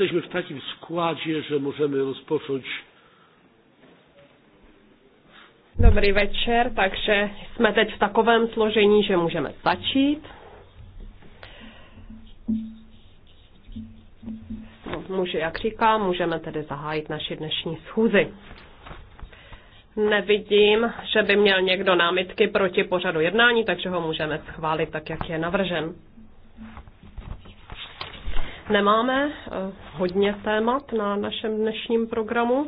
jesteśmy w takim składzie, że możemy rozpocząć. Dobrý večer, takže jsme teď v takovém složení, že můžeme začít. No, může, jak říkám, můžeme tedy zahájit naši dnešní schůzi. Nevidím, že by měl někdo námitky proti pořadu jednání, takže ho můžeme schválit tak, jak je navržen. Nemáme eh, hodně témat na našem dnešním programu.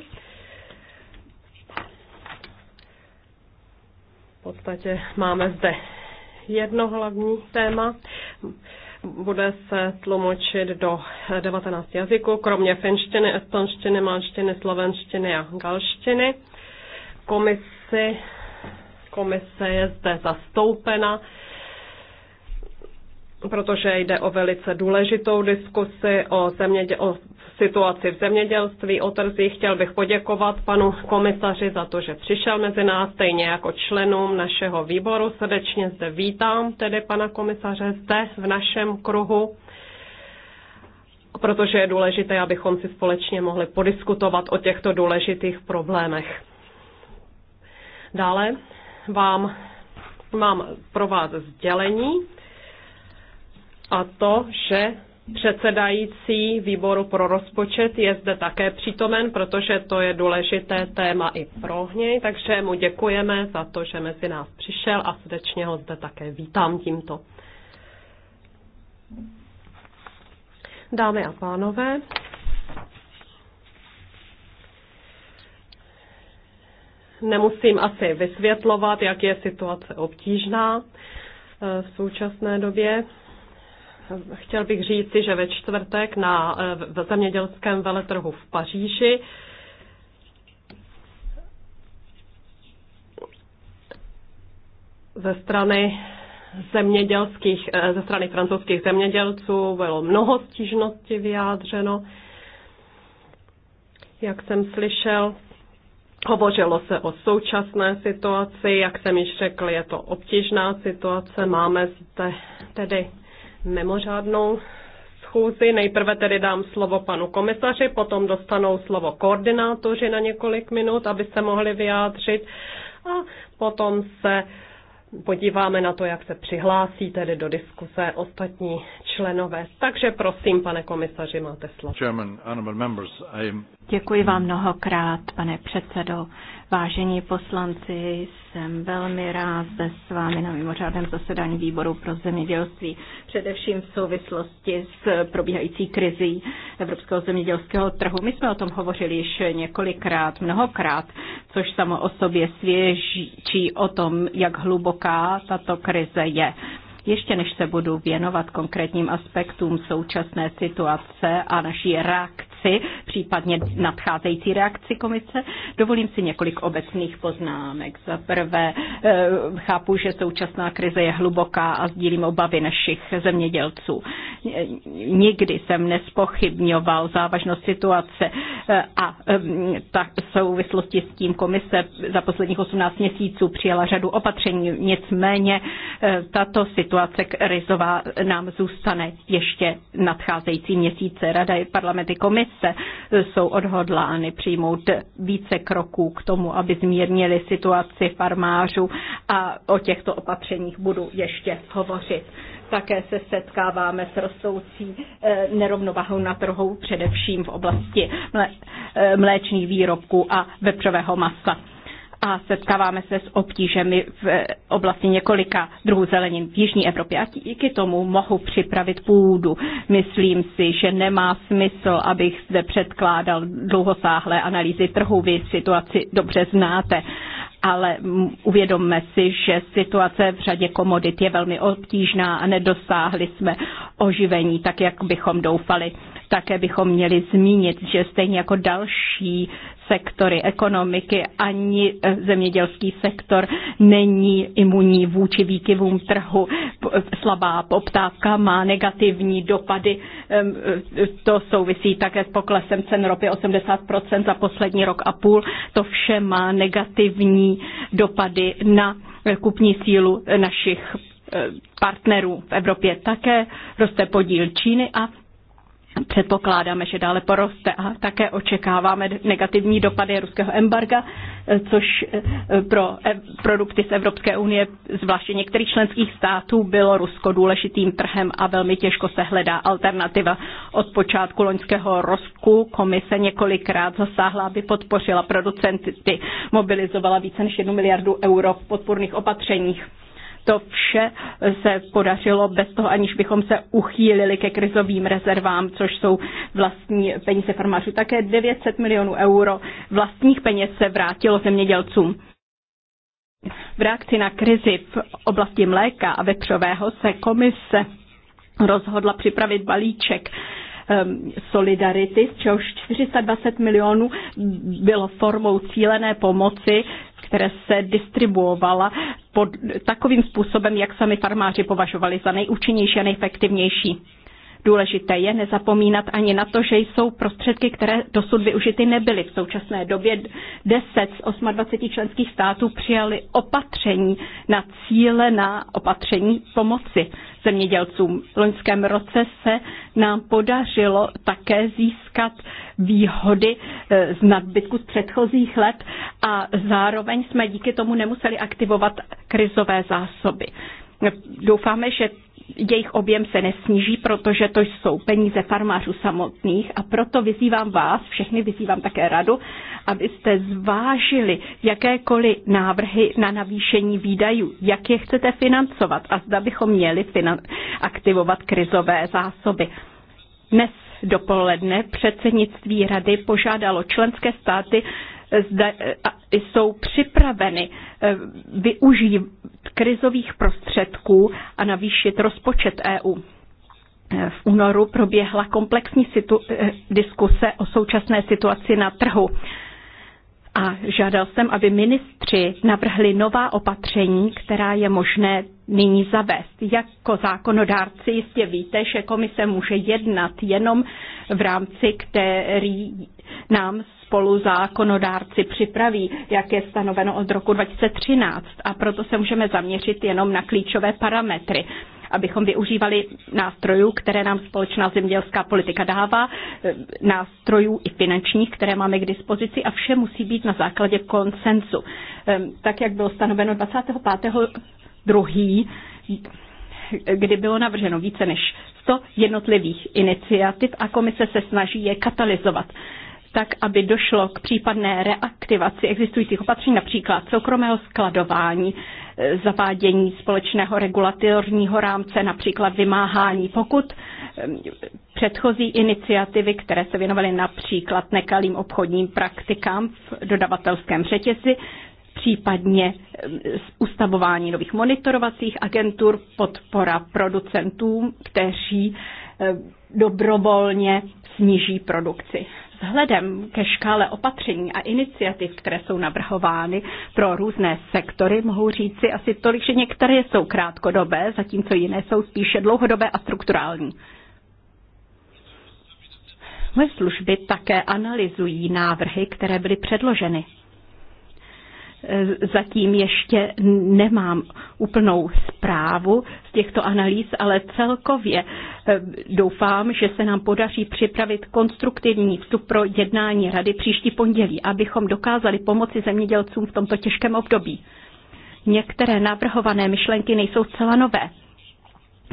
V podstatě máme zde jedno hlavní téma. Bude se tlumočit do 19 jazyků, kromě finštiny, estonštiny, malštiny, slovenštiny a galštiny. Komisi, komise je zde zastoupena protože jde o velice důležitou diskusi o, zemědě- o situaci v zemědělství, o trzích. Chtěl bych poděkovat panu komisaři za to, že přišel mezi nás, stejně jako členům našeho výboru. Srdečně zde vítám tedy pana komisaře zde v našem kruhu protože je důležité, abychom si společně mohli podiskutovat o těchto důležitých problémech. Dále vám mám pro vás sdělení a to, že předsedající výboru pro rozpočet je zde také přítomen, protože to je důležité téma i pro něj, takže mu děkujeme za to, že mezi nás přišel a srdečně ho zde také vítám tímto. Dámy a pánové, nemusím asi vysvětlovat, jak je situace obtížná eh, v současné době. Chtěl bych říci, že ve čtvrtek na eh, zemědělském veletrhu v Paříži ze strany zemědělských, eh, ze strany francouzských zemědělců bylo mnoho stížností vyjádřeno. Jak jsem slyšel, Hovořilo se o současné situaci, jak jsem již řekl, je to obtížná situace. Máme zde tedy mimořádnou schůzi. Nejprve tedy dám slovo panu komisaři, potom dostanou slovo koordinátoři na několik minut, aby se mohli vyjádřit a potom se podíváme na to, jak se přihlásí tedy do diskuse ostatní členové. Takže prosím, pane komisaři, máte slovo. Děkuji vám mnohokrát, pane předsedo. Vážení poslanci, jsem velmi rád zde s vámi na mimořádném zasedání výboru pro zemědělství, především v souvislosti s probíhající krizí evropského zemědělského trhu. My jsme o tom hovořili již několikrát, mnohokrát, což samo o sobě svěží o tom, jak hluboká tato krize je. Ještě než se budu věnovat konkrétním aspektům současné situace a naší reakce, reakci, případně nadcházející reakci komise. Dovolím si několik obecných poznámek. Za prvé, eh, chápu, že současná krize je hluboká a sdílím obavy našich zemědělců. Nikdy jsem nespochybňoval závažnost situace eh, a eh, tak v souvislosti s tím komise za posledních 18 měsíců přijala řadu opatření. Nicméně tato situace krizová nám zůstane ještě nadcházející měsíce. Rada parlamenty komise se e, jsou odhodlány přijmout více kroků k tomu, aby zmírnili situaci farmářů a o těchto opatřeních budu ještě hovořit. Také se setkáváme s rostoucí e, nerovnovahou na trhu, především v oblasti e, mléčných výrobků a vepřového masa a setkáváme se s obtížemi v oblasti několika druhů zelenin v Jižní Evropě a díky tomu mohu připravit půdu. Myslím si, že nemá smysl, abych zde předkládal dlouhosáhlé analýzy trhu. Vy situaci dobře znáte ale uvědomme si, že situace v řadě komodit je velmi obtížná a nedosáhli jsme oživení tak, jak bychom doufali. Také bychom měli zmínit, že stejně jako další sektory ekonomiky, ani eh, zemědělský sektor není imunní vůči výkyvům trhu. Slabá poptávka má negativní dopady. Eh, to souvisí také s poklesem cen ropy 80% za poslední rok a půl. To vše má negativní dopady na eh, kupní sílu našich partnerů v Evropě také roste podíl Číny a Předpokládáme, že dále poroste a také očekáváme negativní dopady ruského embarga, eh, což eh, pro produkty z Evropské unie, zvláště některých členských států, bylo Rusko důležitým trhem a velmi těžko se hledá alternativa. Od počátku loňského rozku komise několikrát zasáhla, aby podpořila producenty, mobilizovala více než jednu miliardu euro v podpůrných opatřeních to vše se podařilo bez toho, aniž bychom se uchýlili ke krizovým rezervám, což jsou vlastní peníze farmářů. Také 900 milionů euro vlastních peněz se vrátilo zemědělcům. V reakci na krizi v oblasti mléka a vepřového se komise rozhodla připravit balíček Ehm, solidarity, z čehož 420 milionů bylo formou cílené pomoci které se distribuovala pod takovým způsobem, jak sami farmáři považovali za nejúčinnější a nejefektivnější. Důležité je nezapomínat ani na to, že jsou prostředky, které dosud využity nebyly. V současné době 10 z 28 členských států přijali opatření na cíle na opatření pomoci zemědělcům. V loňském roce se nám podařilo také získat výhody eh, z nadbytku z předchozích let a zároveň jsme díky tomu nemuseli aktivovat krizové zásoby. Doufáme, že jejich objem se nesníží, protože to jsou peníze farmářů samotných a proto vyzývám vás, všechny vyzývám také radu, abyste zvážili jakékoliv návrhy na navýšení výdajů, jak je chcete financovat a zda bychom měli aktivovat krizové zásoby. Dnes dopoledne předsednictví rady požádalo členské státy, zda, jsou připraveny eh, využít krizových prostředků a navýšit rozpočet EU. Eh, v únoru proběhla komplexní situ- eh, diskuse o současné situaci na trhu a žádal jsem, aby ministři navrhli nová opatření, která je možné nyní zavést. Jako zákonodárci jistě víte, že komise může jednat jenom v rámci, který nám spolu zákonodárci připraví, jak je stanoveno od roku 2013 a proto se můžeme zaměřit jenom na klíčové parametry abychom využívali nástrojů, které nám společná zemědělská politika dává, e, nástrojů i finančních, které máme k dispozici a vše musí být na základě konsensu. E, tak, jak bylo stanoveno 25. 2 kdy bylo navrženo více než 100 jednotlivých iniciativ a komise se snaží je katalyzovat tak aby došlo k případné reaktivaci existujících opatření, například soukromého skladování, e, zavádění společného regulatorního rámce, například vymáhání pokud e, předchozí iniciativy, které se věnovaly například nekalým obchodním praktikám v dodavatelském řetězi, případně e, ustavování nových monitorovacích agentur, podpora producentům, kteří dobrovolně sníží produkci. Vzhledem ke škále opatření a iniciativ, které jsou navrhovány pro různé sektory, mohu říci asi tolik, že některé jsou krátkodobé, zatímco jiné jsou spíše dlouhodobé a strukturální. Moje služby také analyzují návrhy, které byly předloženy. Eh, zatím ještě nemám úplnou zprávu z těchto analýz, ale celkově eh, doufám, že se nám podaří připravit konstruktivní vstup pro jednání rady příští pondělí, abychom dokázali pomoci zemědělcům v tomto těžkém období. Některé navrhované myšlenky nejsou zcela nové,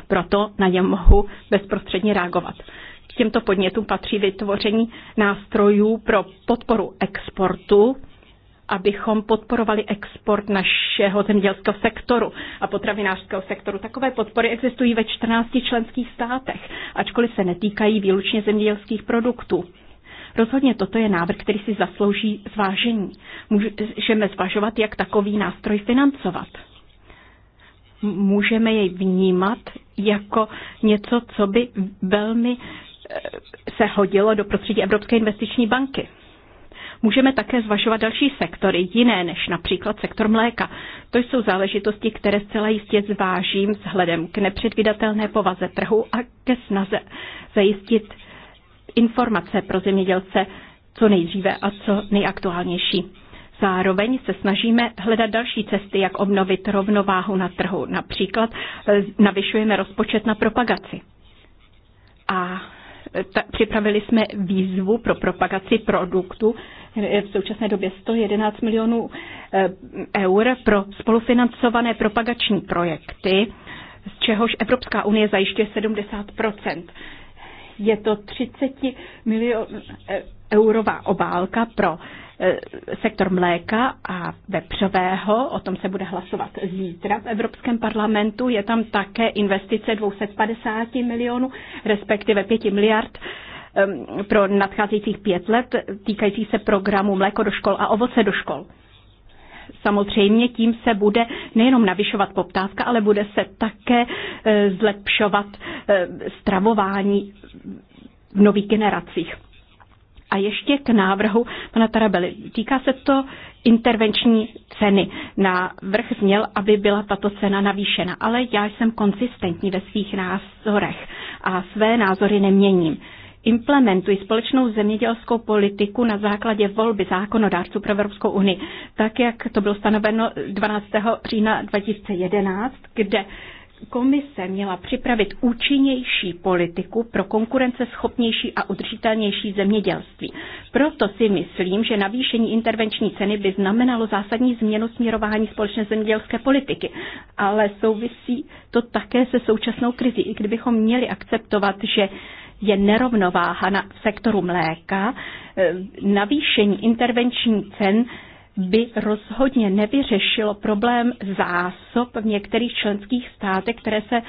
proto na ně mohu bezprostředně reagovat. K těmto podnětům patří vytvoření nástrojů pro podporu exportu abychom podporovali export našeho zemědělského sektoru a potravinářského sektoru. Takové podpory existují ve 14 členských státech, ačkoliv se netýkají výlučně zemědělských produktů. Rozhodně toto je návrh, který si zaslouží zvážení. Můžeme zvažovat, jak takový nástroj financovat. Můžeme jej vnímat jako něco, co by velmi eh, se hodilo do prostředí Evropské investiční banky. Můžeme také zvažovat další sektory, jiné než například sektor mléka. To jsou záležitosti, které zcela jistě zvážím vzhledem k nepředvídatelné povaze trhu a ke snaze zajistit informace pro zemědělce co nejdříve a co nejaktuálnější. Zároveň se snažíme hledat další cesty, jak obnovit rovnováhu na trhu. Například eh, navyšujeme rozpočet na propagaci. A eh, ta, připravili jsme výzvu pro propagaci produktu v současné době 111 milionů eh, eur pro spolufinancované propagační projekty, z čehož Evropská unie zajišťuje 70 Je to 30 milionů eh, eurová obálka pro eh, sektor mléka a vepřového, o tom se bude hlasovat zítra v Evropském parlamentu. Je tam také investice 250 milionů, respektive 5 miliard Um, pro nadcházejících pět let týkající se programu mléko do škol a ovoce do škol. Samozřejmě tím se bude nejenom navyšovat poptávka, ale bude se také eh, zlepšovat eh, stravování v nových generacích. A ještě k návrhu pana Tarabely. Týká se to intervenční ceny. Na vrch měl, aby byla tato cena navýšena, ale já jsem konsistentní ve svých názorech a své názory neměním implementují společnou zemědělskou politiku na základě volby zákonodárců pro Evropskou unii, tak jak to bylo stanoveno 12. října 2011, kde komise měla připravit účinnější politiku pro konkurenceschopnější a udržitelnější zemědělství. Proto si myslím, že navýšení intervenční ceny by znamenalo zásadní změnu směrování společné zemědělské politiky, ale souvisí to také se současnou krizí. I kdybychom měli akceptovat, že je nerovnováha na sektoru mléka. E, navýšení intervenční cen by rozhodně nevyřešilo problém zásob v některých členských státech, které se e,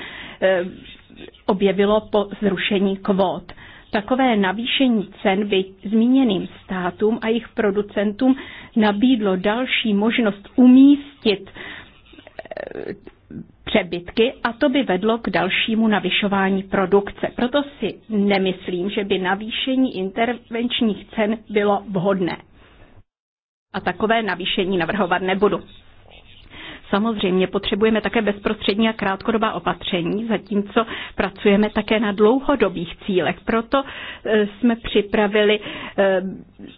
objevilo po zrušení kvót. Takové navýšení cen by zmíněným státům a jejich producentům nabídlo další možnost umístit e, přebytky a to by vedlo k dalšímu navyšování produkce. Proto si nemyslím, že by navýšení intervenčních cen bylo vhodné. A takové navýšení navrhovat nebudu. Samozřejmě potřebujeme také bezprostřední a krátkodobá opatření, zatímco pracujeme také na dlouhodobých cílech. Proto e, jsme připravili e,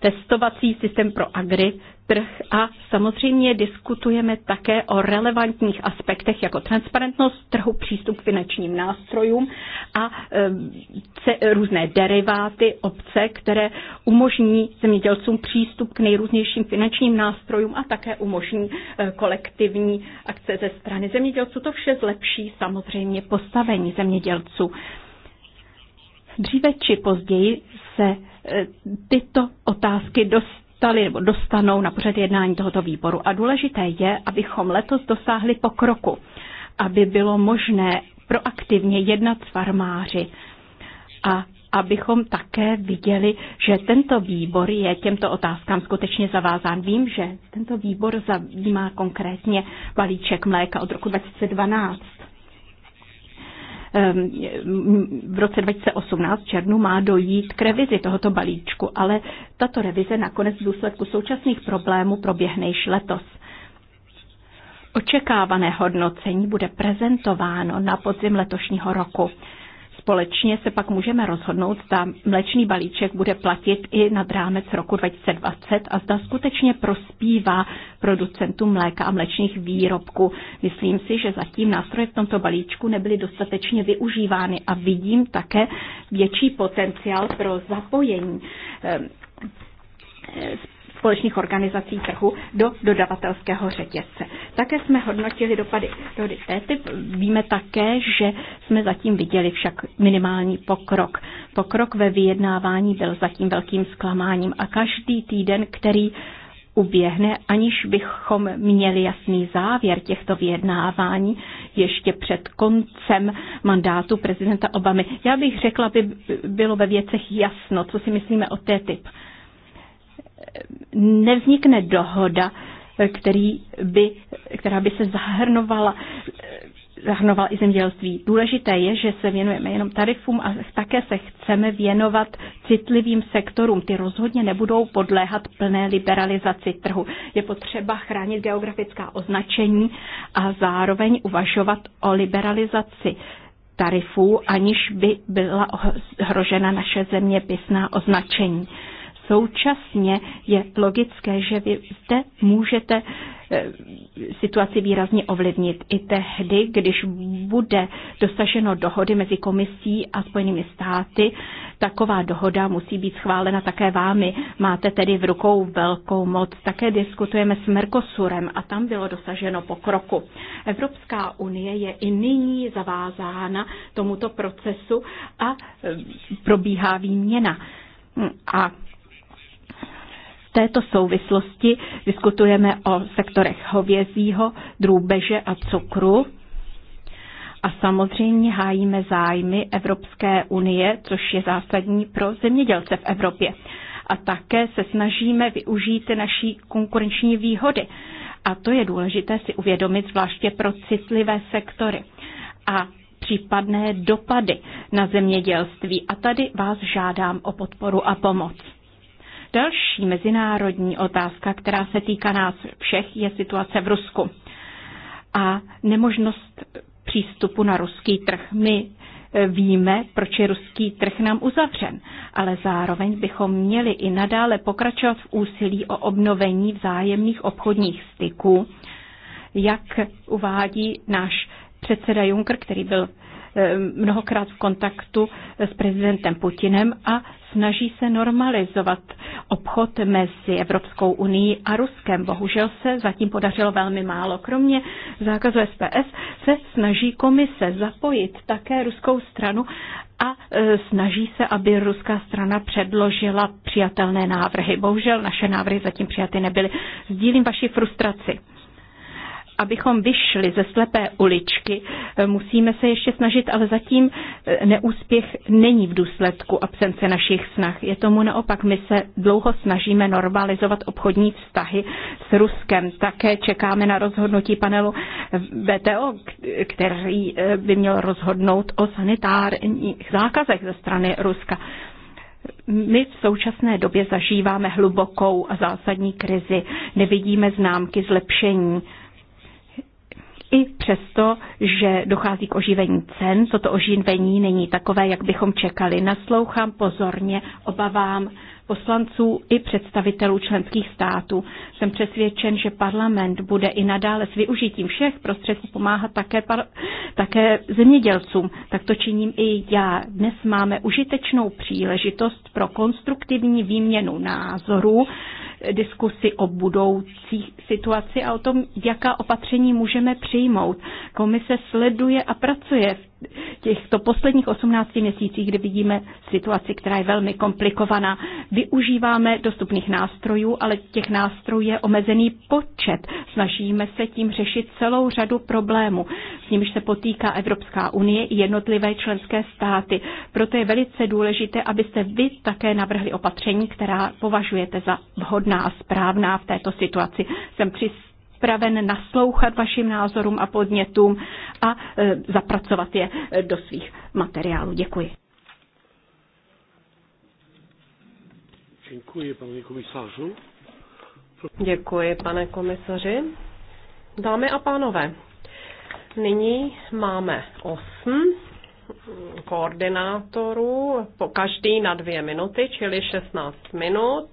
testovací systém pro agri trh a samozřejmě diskutujeme také o relevantních aspektech jako transparentnost trhu, přístup k finančním nástrojům a e, různé deriváty, obce, které umožní zemědělcům přístup k nejrůznějším finančním nástrojům a také umožní e, kolektivní akce ze strany zemědělců. To vše zlepší samozřejmě postavení zemědělců. Dříve či později se e, tyto otázky dost dostali nebo dostanou na pořad jednání tohoto výboru. A důležité je, abychom letos dosáhli pokroku, aby bylo možné proaktivně jednat s farmáři a abychom také viděli, že tento výbor je těmto otázkám skutečně zavázán. Vím, že tento výbor zabývá konkrétně balíček mléka od roku 2012 Ehm, v roce 2018 černu má dojít k revizi tohoto balíčku, ale tato revize nakonec v důsledku současných problémů proběhne již letos. Očekávané hodnocení bude prezentováno na podzim letošního roku společně se pak můžeme rozhodnout, zda mlečný balíček bude platit i nad rámec roku 2020 a zda skutečně prospívá producentům mléka a mlečných výrobků. Myslím si, že zatím nástroje v tomto balíčku nebyly dostatečně využívány a vidím také větší potenciál pro zapojení eh, společných organizací trhu do dodavatelského řetězce. Také jsme hodnotili dopady do e TTIP. Víme také, že jsme zatím viděli však minimální pokrok. Pokrok ve vyjednávání byl zatím velkým zklamáním a každý týden, který uběhne, aniž bychom měli jasný závěr těchto vyjednávání ještě před koncem mandátu prezidenta Obamy. Já bych řekla, by bylo ve věcech jasno, co si myslíme o té typ nevznikne dohoda, eh, který by, která by se zahrnovala eh, zahrnovala i zemědělství. Důležité je, že se věnujeme jenom tarifům a také se chceme věnovat citlivým sektorům. Ty rozhodně nebudou podléhat plné liberalizaci trhu. Je potřeba chránit geografická označení a zároveň uvažovat o liberalizaci tarifů, aniž by byla hrožena naše zeměpisná označení současně je logické, že vy zde můžete eh, situaci výrazně ovlivnit i tehdy, když bude dosaženo dohody mezi komisí a Spojenými státy. Taková dohoda musí být schválena také vámi. Máte tedy v rukou velkou moc. Také diskutujeme s Mercosurem a tam bylo dosaženo pokroku. Evropská unie je i nyní zavázána tomuto procesu a eh, probíhá výměna. A této souvislosti diskutujeme o sektorech hovězího, drůbeže a cukru. A samozřejmě hájíme zájmy Evropské unie, což je zásadní pro zemědělce v Evropě. A také se snažíme využít naší konkurenční výhody. A to je důležité si uvědomit, zvláště pro citlivé sektory. A případné dopady na zemědělství. A tady vás žádám o podporu a pomoc. Další mezinárodní otázka, která se týká nás všech, je situace v Rusku a nemožnost přístupu na ruský trh. My eh, víme, proč je ruský trh nám uzavřen, ale zároveň bychom měli i nadále pokračovat v úsilí o obnovení vzájemných obchodních styků, jak uvádí náš předseda Juncker, který byl Eh, mnohokrát v kontaktu s prezidentem Putinem a snaží se normalizovat obchod mezi Evropskou unii a Ruskem. Bohužel se zatím podařilo velmi málo. Kromě zákazu SPS se snaží komise zapojit také ruskou stranu a eh, snaží se, aby ruská strana předložila přijatelné návrhy. Bohužel naše návrhy zatím přijaty nebyly. Sdílím vaši frustraci abychom vyšli ze slepé uličky, eh, musíme se ještě snažit, ale zatím eh, neúspěch není v důsledku absence našich snah. Je tomu naopak, my se dlouho snažíme normalizovat obchodní vztahy s Ruskem. Také čekáme na rozhodnutí panelu VTO, který eh, by měl rozhodnout o sanitárních zákazech ze strany Ruska. My v současné době zažíváme hlubokou a zásadní krizi. Nevidíme známky zlepšení. I přesto, že dochází k oživení cen, toto oživení není takové, jak bychom čekali. Naslouchám pozorně obavám poslanců i představitelů členských států. Jsem přesvědčen, že parlament bude i nadále s využitím všech prostředků pomáhat také, par- také zemědělcům. Tak to činím i já. Dnes máme užitečnou příležitost pro konstruktivní výměnu názorů diskusi o budoucí situaci a o tom, jaká opatření můžeme přijmout. Komise sleduje a pracuje v těchto posledních 18 měsících, kdy vidíme situaci, která je velmi komplikovaná. Využíváme dostupných nástrojů, ale těch nástrojů je omezený počet. Snažíme se tím řešit celou řadu problémů, s nimiž se potýká Evropská unie i jednotlivé členské státy. Proto je velice důležité, abyste vy také navrhli opatření, která považujete za vhodné schopná a správná v této situaci. Jsem připraven naslouchat vašim názorům a podnětům a e, zapracovat je e, do svých materiálů. Děkuji. Děkuji, pane komisařu. Děkuji, pane komisaři. Dámy a pánové, nyní máme osm koordinátorů, po každý na dvě minuty, čili 16 minut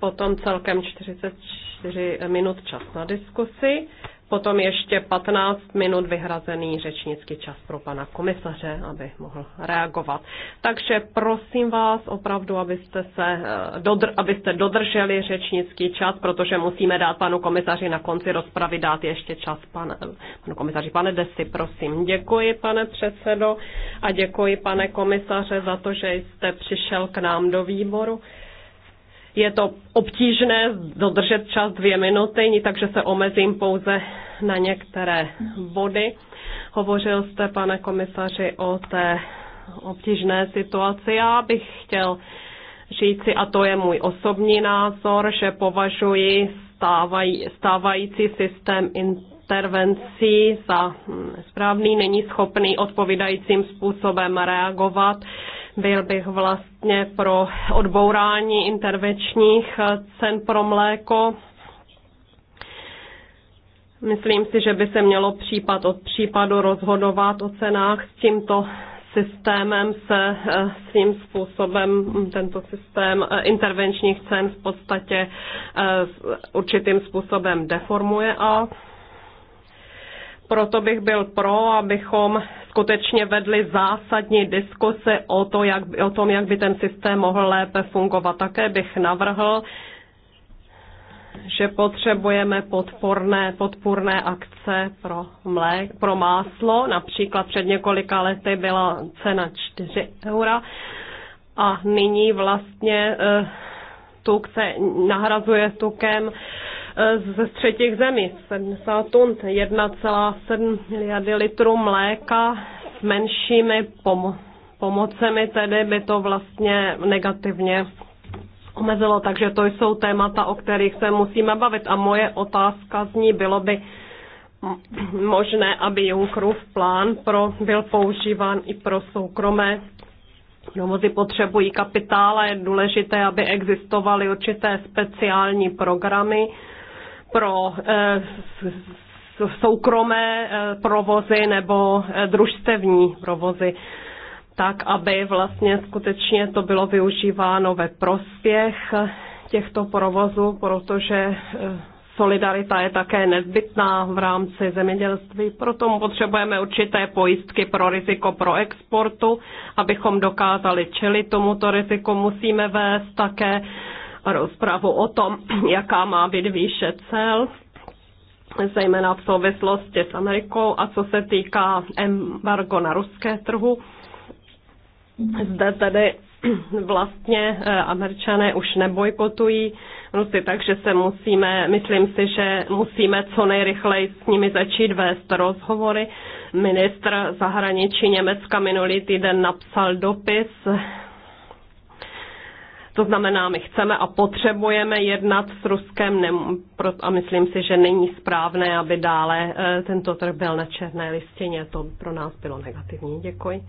potom celkem 44 minut čas na diskusi, potom ještě 15 minut vyhrazený řečnický čas pro pana komisaře, aby mohl reagovat. Takže prosím vás opravdu, abyste, se, eh, dodr, abyste dodrželi řečnický čas, protože musíme dát panu komisaři na konci rozpravy dát ještě čas. Pan, eh, panu komisaři, pane Desi, prosím. Děkuji, pane předsedo, a děkuji, pane komisaře, za to, že jste přišel k nám do výboru. Je to obtížné dodržet čas dvě minuty, takže se omezím pouze na některé body. Hovořil jste, pane komisaři, o té obtížné situaci. Já bych chtěl říci, a to je můj osobní názor, že považuji stávaj, stávající systém intervencí za hm, správný, není schopný odpovídajícím způsobem reagovat. Byl bych vlastně vlastně pro odbourání intervenčních eh, cen pro mléko. Myslím si, že by se mělo případ od případu rozhodovat o cenách s tímto systémem se eh, svým způsobem tento systém eh, intervenčních cen v podstatě určitým způsobem deformuje a proto bych byl pro, abychom skutečně vedli zásadní diskuse o, to, jak, o tom, jak by ten systém mohl lépe fungovat. Také bych navrhl, že potřebujeme podporné, podporné akce pro, mlé, pro máslo. Například před několika lety byla cena 4 eura a nyní vlastně eh, tuk se nahrazuje tukem ze třetích zemí. 70 tun, 1,7 miliardy litrů mléka s menšími pom- pomocemi, tedy by to vlastně negativně omezilo. Takže to jsou témata, o kterých se musíme bavit. A moje otázka z ní bylo by možné, aby Junckerův plán pro, byl používán i pro soukromé Domozy potřebují kapitál a je důležité, aby existovaly určité speciální programy, pro eh, soukromé eh, provozy nebo eh, družstevní provozy tak, aby vlastně skutečně to bylo využíváno ve prospěch těchto provozů, protože solidarita je také nezbytná v rámci zemědělství, proto potřebujeme určité pojistky pro riziko pro exportu, abychom dokázali čelit tomuto riziku, musíme vést také rozpravu o tom, jaká má být výše cel, zejména v souvislosti s Amerikou a co se týká embargo na ruské trhu. Zde tedy vlastně eh, američané už nebojkotují Rusy, takže se musíme, myslím si, že musíme co nejrychleji s nimi začít vést rozhovory. Ministr zahraničí Německa minulý týden napsal dopis to znamená, my chceme a potřebujeme jednat s Ruskem a myslím si, že není správné, aby dále eh, tento trh byl na černé listině. To pro nás bylo negativní. Děkuji.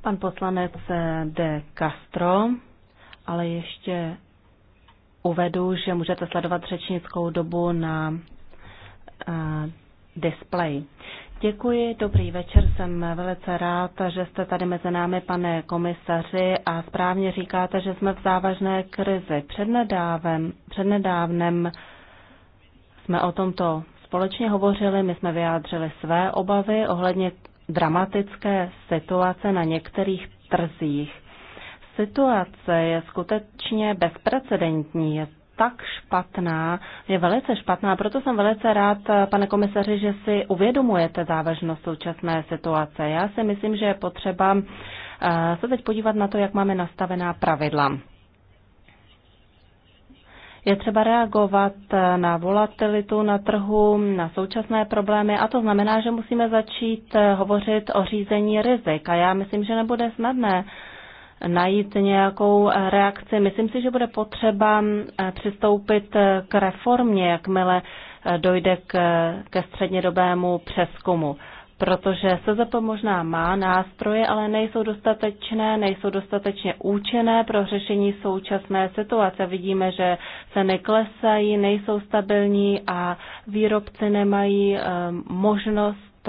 Pan poslanec eh, de Castro, ale ještě uvedu, že můžete sledovat řečnickou dobu na uh, display. Děkuji, dobrý večer, jsem velice rád, že jste tady mezi námi, pane komisaři, a správně říkáte, že jsme v závažné krizi. Přednedávem, přednedávnem jsme o tomto společně hovořili, my jsme vyjádřili své obavy ohledně dramatické situace na některých trzích. Situace je skutečně bezprecedentní. Je tak špatná, je velice špatná. Proto jsem velice rád, pane komisaři, že si uvědomujete závažnost současné situace. Já si myslím, že je potřeba eh, se teď podívat na to, jak máme nastavená pravidla. Je třeba reagovat na volatilitu na trhu, na současné problémy a to znamená, že musíme začít hovořit o řízení rizik a já myslím, že nebude snadné najít nějakou eh, reakci. Myslím si, že bude potřeba eh, přistoupit eh, k reformě, jakmile dojde k, ke střednědobému přeskumu protože SZP možná má nástroje, ale nejsou dostatečné, nejsou dostatečně účinné pro řešení současné situace. Vidíme, že se neklesají, nejsou stabilní a výrobci nemají možnost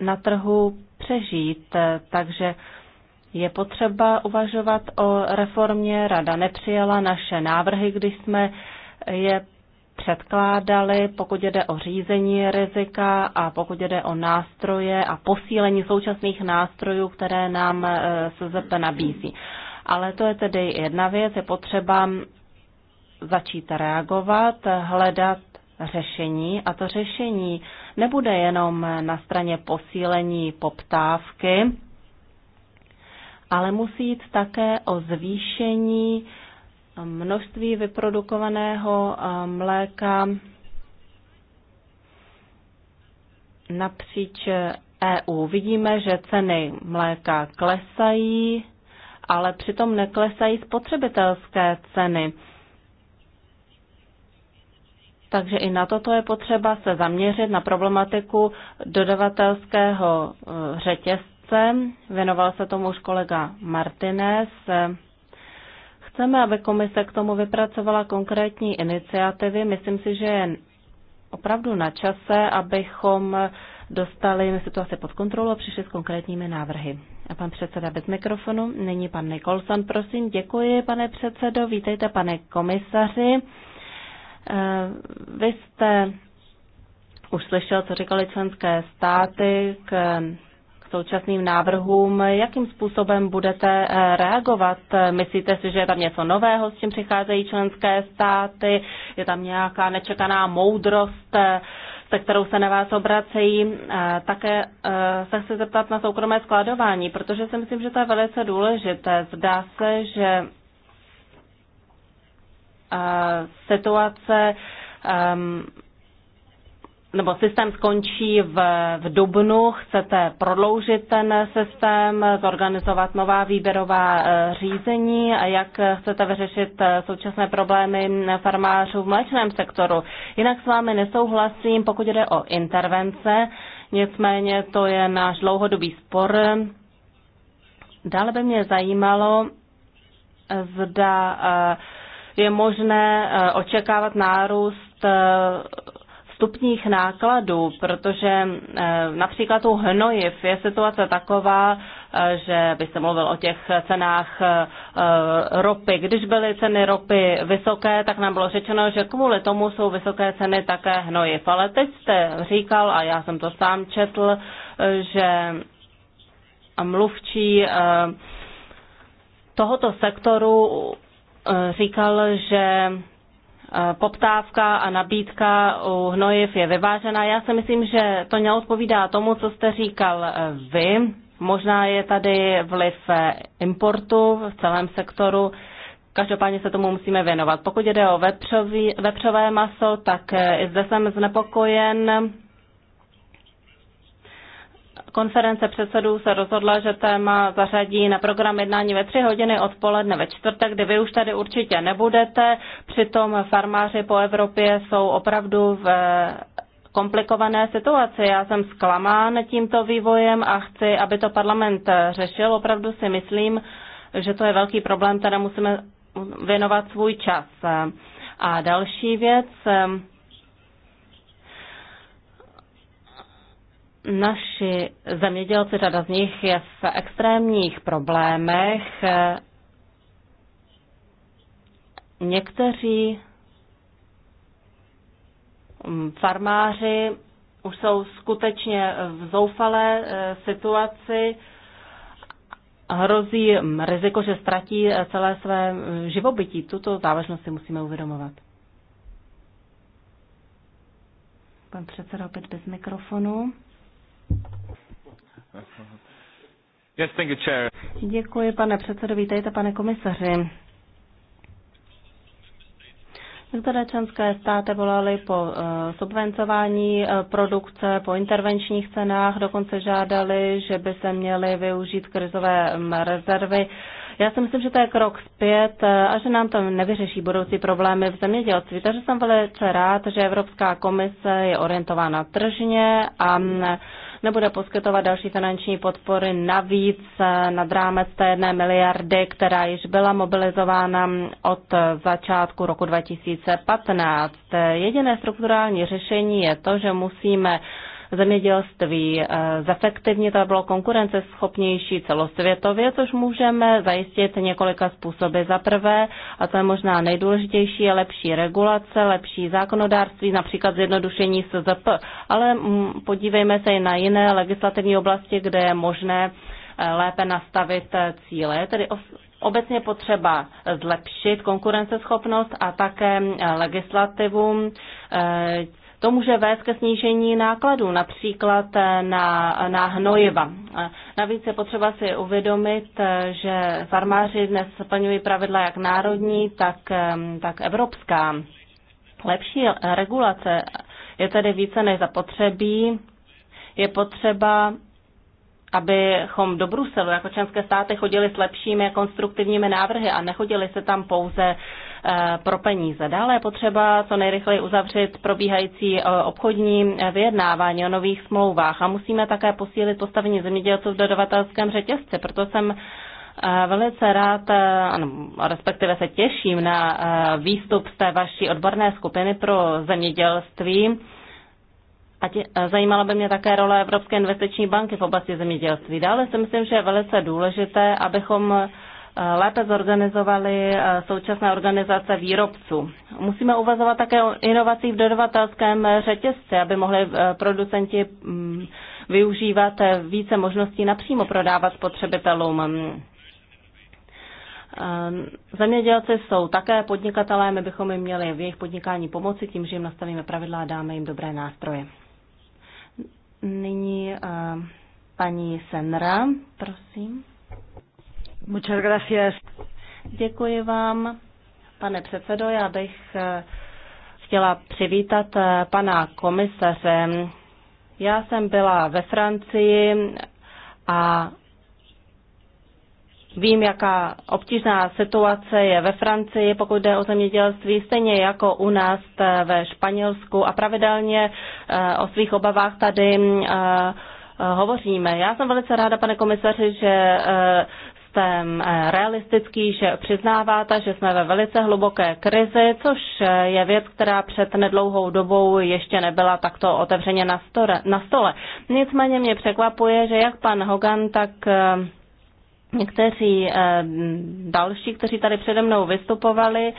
na trhu přežít. Takže je potřeba uvažovat o reformě. Rada nepřijala naše návrhy, když jsme je předkládali, pokud jde o řízení rizika a pokud jde o nástroje a posílení současných nástrojů, které nám eh, SZP nabízí. Ale to je tedy jedna věc, je potřeba začít reagovat, hledat řešení a to řešení nebude jenom na straně posílení poptávky, ale musí jít také o zvýšení množství vyprodukovaného eh, mléka napříč EU. Vidíme, že ceny mléka klesají, ale přitom neklesají spotřebitelské ceny takže i na toto je potřeba se zaměřit na problematiku dodavatelského eh, řetězce. Věnoval se tomu už kolega Martinez. Chceme, aby komise k tomu vypracovala konkrétní iniciativy. Myslím si, že je opravdu na čase, abychom dostali situaci pod kontrolu a přišli s konkrétními návrhy. A pan předseda bez mikrofonu, nyní pan Nikolson, prosím, děkuji, pane předsedo, vítejte, pane komisaři. Eh, vy jste už slyšel, co říkali členské státy k současným návrhům. Jakým způsobem budete eh, reagovat? Myslíte si, že je tam něco nového, s čím přicházejí členské státy? Je tam nějaká nečekaná moudrost, eh, se kterou se na vás obracejí? Také se chci zeptat na soukromé skladování, protože si myslím, že to je velice důležité. Zdá se, že Eh, situace ehm, nebo systém skončí v, v dubnu, chcete prodloužit ten systém, zorganizovat nová výběrová eh, řízení a jak chcete vyřešit eh, současné problémy farmářů v mléčném sektoru. Jinak s vámi nesouhlasím, pokud jde o intervence, nicméně to je náš dlouhodobý spor. Dále by mě zajímalo, zda uh, je možné eh, očekávat nárůst eh, vstupních nákladů, protože eh, například u hnojiv je situace taková, že byste mluvil o těch cenách ropy. Když byly ceny ropy vysoké, tak nám bylo řečeno, že kvůli tomu jsou vysoké ceny také hnojiv. Ale teď jste říkal, a já jsem to sám četl, že mluvčí tohoto sektoru Eh, říkal, že eh, poptávka a nabídka u hnojiv je vyvážená. Já si myslím, že to neodpovídá tomu, co jste říkal eh, vy. Možná je tady vliv importu v celém sektoru. Každopádně se tomu musíme věnovat. Pokud jde o vepřový, vepřové maso, tak i zde jsem znepokojen Konference předsedů se rozhodla, že téma zařadí na program jednání ve tři hodiny odpoledne ve čtvrtek, kdy vy už tady určitě nebudete. Přitom farmáři po Evropě jsou opravdu v komplikované situaci. Já jsem zklamán tímto vývojem a chci, aby to parlament řešil. Opravdu si myslím, že to je velký problém, teda musíme věnovat svůj čas. A další věc, naši zemědělci, řada z nich je v extrémních problémech. Někteří mm, farmáři už jsou skutečně v zoufalé e, situaci. Hrozí riziko, že ztratí e, celé své živobytí. Tuto závažnost si musíme uvědomovat. Pan předseda opět bez mikrofonu. Yes, thank you, chair. Děkuji, pane předsedo. Vítejte, pane komisaři. Některé členské státy volaly po eh, subvencování eh, produkce, po intervenčních cenách, dokonce žádali, že by se měly využít krizové mm, rezervy. Já si myslím, že to je krok zpět eh, a že nám to nevyřeší budoucí problémy v zemědělství. Takže jsem velice rád, že Evropská komise je orientována tržně a mm, nebude poskytovat další finanční podpory navíc eh, nad rámec té jedné miliardy, která již byla mobilizována od začátku roku 2015. Jediné strukturální řešení je to, že musíme zemědělství eh, zefektivnit, aby bylo konkurenceschopnější celosvětově, což můžeme zajistit několika způsoby. Za prvé, a to je možná nejdůležitější, je lepší regulace, lepší zákonodárství, například zjednodušení SZP. Ale mm, podívejme se i na jiné legislativní oblasti, kde je možné eh, lépe nastavit eh, cíle, tedy obecně potřeba zlepšit konkurenceschopnost a také legislativu to může vést ke snížení nákladů, například eh, na, na hnojiva. Eh, navíc je potřeba si uvědomit, eh, že farmáři dnes splňují pravidla jak národní, tak, tak evropská. Lepší regulace je tedy více než zapotřebí. Je potřeba abychom do Bruselu jako členské státy chodili s lepšími konstruktivními návrhy a nechodili se tam pouze Eh, pro peníze. Dále je potřeba co nejrychleji uzavřít probíhající eh, obchodní eh, vyjednávání o nových smlouvách a musíme také posílit postavení zemědělců v dodavatelském řetězci. Proto jsem Velice rád, respektive se těším na výstup z té vaší odborné skupiny pro zemědělství. A tě, zajímala by mě také role Evropské investiční banky v oblasti zemědělství. Dále si myslím, že je velice důležité, abychom Eh, lépe zorganizovaly eh, současné organizace výrobců. Musíme uvazovat také o inovacích v dodavatelském řetězci, aby mohli eh, producenti mm, využívat více možností napřímo prodávat spotřebitelům. Zemědělci jsou také podnikatelé, my bychom jim měli v jejich podnikání pomoci tím, že jim nastavíme pravidla a dáme jim dobré nástroje. Nyní paní Senra, prosím. Muchas gracias. Děkuji vám, pane předsedo. Já bych eh, chtěla přivítat eh, pana komisaře. Já jsem byla ve Francii a Vím, jaká obtížná situace je ve Francii, pokud jde o zemědělství, stejně jako u nás eh, ve Španělsku a pravidelně o svých obavách tady hovoříme. Já jsem velice ráda, pane komisaři, že jste eh, realistický, že přiznáváte, že jsme ve velice hluboké krizi, což eh, je věc, která před nedlouhou dobou ještě nebyla takto otevřeně na, store, na stole. Nicméně mě překvapuje, že jak pan Hogan, tak eh, někteří další, kteří tady přede mnou vystupovali,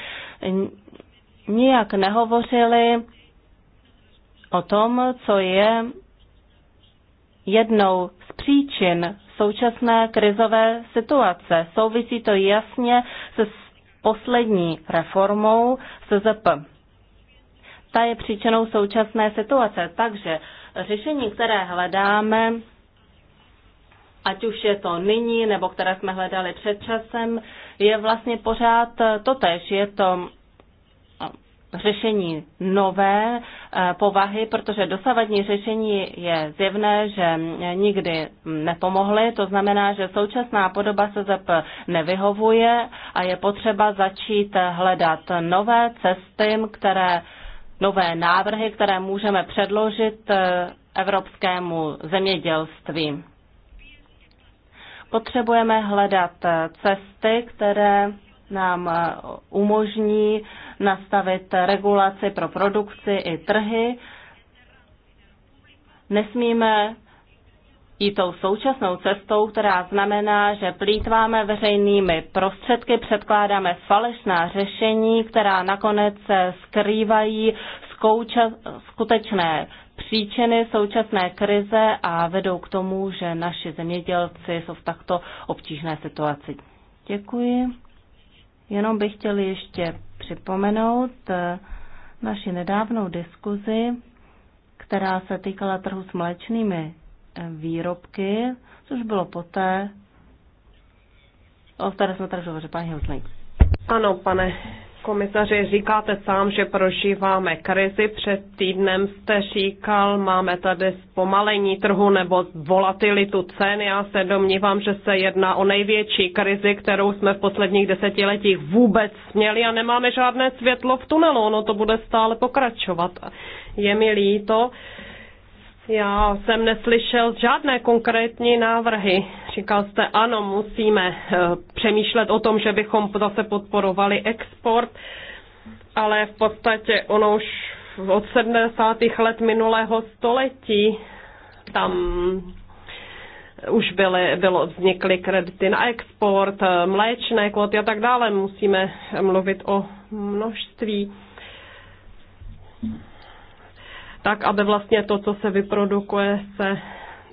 nijak nehovořili o tom, co je jednou z příčin současné krizové situace. Souvisí to jasně se poslední reformou SZP. Ta je příčinou současné situace, takže řešení, které hledáme, ať už je to nyní, nebo které jsme hledali před časem, je vlastně pořád totéž. Je to řešení nové eh, povahy, protože dosavadní řešení je zjevné, že nikdy nepomohly. To znamená, že současná podoba SZP nevyhovuje a je potřeba začít hledat nové cesty, které, nové návrhy, které můžeme předložit eh, evropskému zemědělství. Potřebujeme hledat eh, cesty, které nám umožní nastavit regulaci pro produkci i trhy. Nesmíme i tou současnou cestou, která znamená, že plítváme veřejnými prostředky, předkládáme falešná řešení, která nakonec skrývají skutečné příčiny současné krize a vedou k tomu, že naši zemědělci jsou v takto obtížné situaci. Děkuji. Jenom bych chtěl ještě připomenout eh, naši nedávnou diskuzi, která se týkala trhu s mléčnými eh, výrobky, což bylo poté, o které jsme tady hovořili, paní Huslík. Ano, pane komisaři, říkáte sám, že prožíváme krizi. Před týdnem jste říkal, máme tady zpomalení trhu nebo volatilitu cen. Já se domnívám, že se jedná o největší krizi, kterou jsme v posledních desetiletích vůbec měli a nemáme žádné světlo v tunelu. Ono to bude stále pokračovat. Je mi líto. Uh, já jsem neslyšel žádné konkrétní návrhy. Říkal jste, ano, musíme eh, přemýšlet o tom, že bychom zase podporovali export, ale v podstatě ono už od 70. let minulého století tam už byly, bylo, vznikly kredity na export, eh, mléčné kvóty a tak dále. Musíme mluvit o množství tak, aby vlastně to, co se vyprodukuje, se